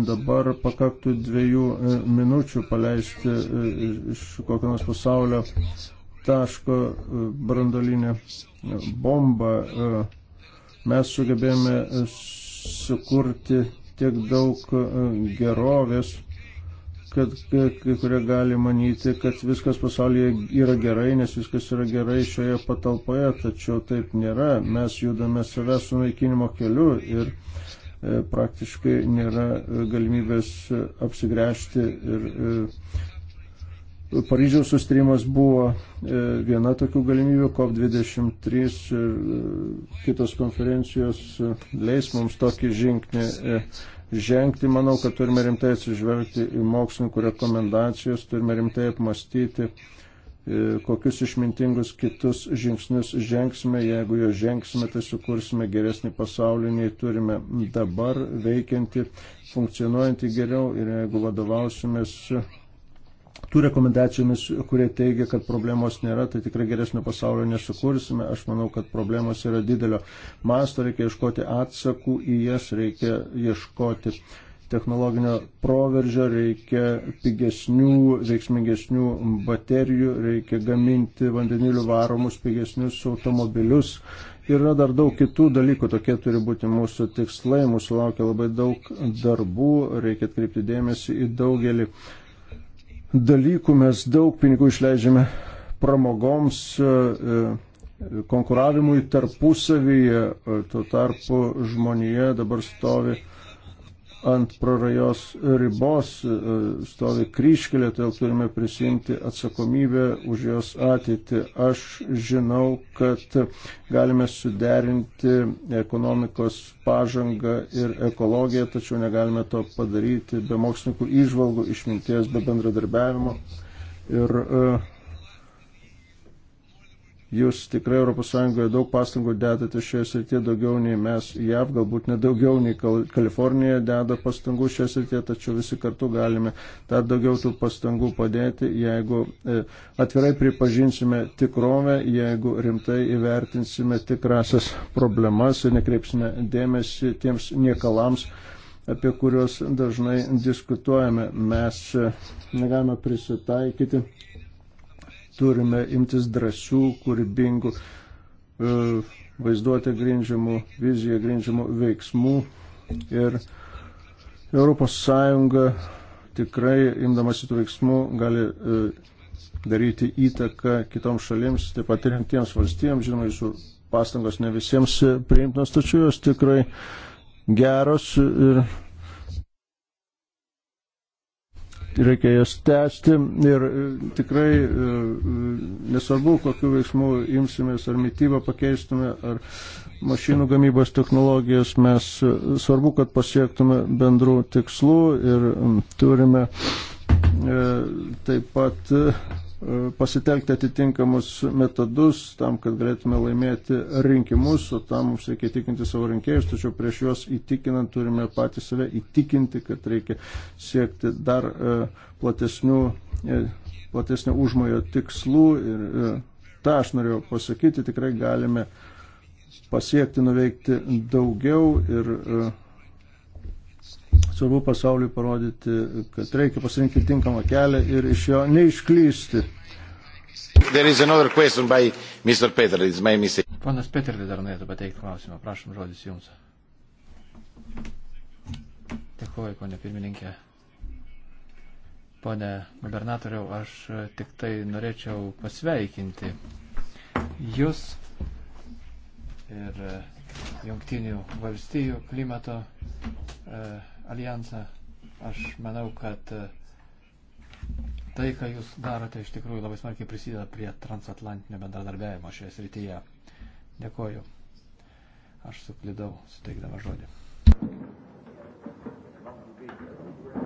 dabar pakaktų dviejų e, minučių paleisti e, iš kokio nors pasaulio taško brandolinę bombą. Mes sugebėjome sukurti tiek daug gerovės kad kai kurie gali manyti, kad viskas pasaulyje yra gerai, nes viskas yra gerai šioje patalpoje, tačiau taip nėra. Mes judame savęs sunaikinimo keliu ir e, praktiškai nėra e, galimybės e, apsigręžti ir Paryžiaus sustarimas buvo viena tokių galimybių, COP23 ir kitos konferencijos leis mums tokį žingsnį žengti. Manau, kad turime rimtai atsižvelgti į mokslininkų rekomendacijas, turime rimtai apmastyti, e, kokius išmintingus kitus žingsnius žengsime. Jeigu jo žengsime, tai sukursime geresnį pasaulį, nei turime dabar veikianti, funkcionuojantį geriau ir jeigu vadovausimės tų rekomendacijomis, kurie teigia, kad problemos nėra, tai tikrai geresnio pasaulio nesukursime. Aš manau, kad problemos yra didelio masto, reikia ieškoti atsakų į jas, reikia ieškoti technologinio proveržio, reikia pigesnių, veiksmingesnių baterijų, reikia gaminti vandenilių varomus pigesnius automobilius. Ir yra dar daug kitų dalykų, tokie turi būti mūsų tikslai, mūsų laukia labai daug darbų, reikia atkreipti dėmesį į daugelį dalykų, mes daug pinigų išleidžiame pramogoms, e, e, konkuravimui tarpusavyje, e, tuo tarpu žmonija dabar stovi ant prarajos ribos e, stovi kryškelė, todėl turime prisimti atsakomybę už jos ateitį. Aš žinau, kad galime suderinti ekonomikos pažangą ir ekologiją, tačiau negalime to padaryti be mokslininkų išvalgų, išminties, be bendradarbiavimo. Ir uh, Jūs tikrai ES daug pastangų dedate šioje srityje daugiau nei mes JAV, galbūt nedaugiau nei Kalifornija deda pastangų šioje srityje, tačiau visi kartu galime dar daugiau tų pastangų padėti, jeigu e, atvirai pripažinsime tikrovę, jeigu rimtai įvertinsime tikrasias problemas ir nekreipsime dėmesį tiems niekalams apie kuriuos dažnai diskutuojame. Mes e, negalime prisitaikyti turime imtis drąsių, kūrybingų, e, vaizduotę grindžiamų, viziją grindžiamų veiksmų. Ir ES tikrai imdamasi tų veiksmų gali e, daryti įtaką kitoms šalims, taip pat ir jungtiems valstijams, žinoma, jūsų pastangos ne visiems priimtinos, tačiau jos tikrai geros ir reikia jas tęsti ir e, tikrai e, e, nesvarbu, kokiu veiksmu imsimės, ar mytybą pakeistume, ar mašinų gamybos technologijas, mes svarbu, kad pasiektume bendrų tikslų ir turime taip pat E, pasitelkti atitinkamus metodus tam, kad galėtume laimėti rinkimus, o tam mums reikia įtikinti savo rinkėjus, tačiau prieš juos įtikinant turime patys save įtikinti, kad reikia siekti dar e, platesnių, e, platesnio užmojo tikslų ir tą aš norėjau pasakyti, tikrai galime pasiekti, nuveikti daugiau ir uh, Svarbu pasauliui parodyti, kad reikia pasirinkti tinkamą kelią ir iš jo neišklysti. Ponas Peterlis dar norėtų pateikti klausimą. Prašom, žodis jums. Dėkuoju, ponė pirmininkė. Pone gubernatoriau, aš tik tai norėčiau pasveikinti Jūs ir Jungtinių valstijų klimato e, alijansą. Aš manau, kad e, tai, ką jūs darote, iš tikrųjų labai smarkiai prisideda prie transatlantinio bendradarbiavimo šioje srityje. Dėkoju. Aš suklydau, suteikdama žodį.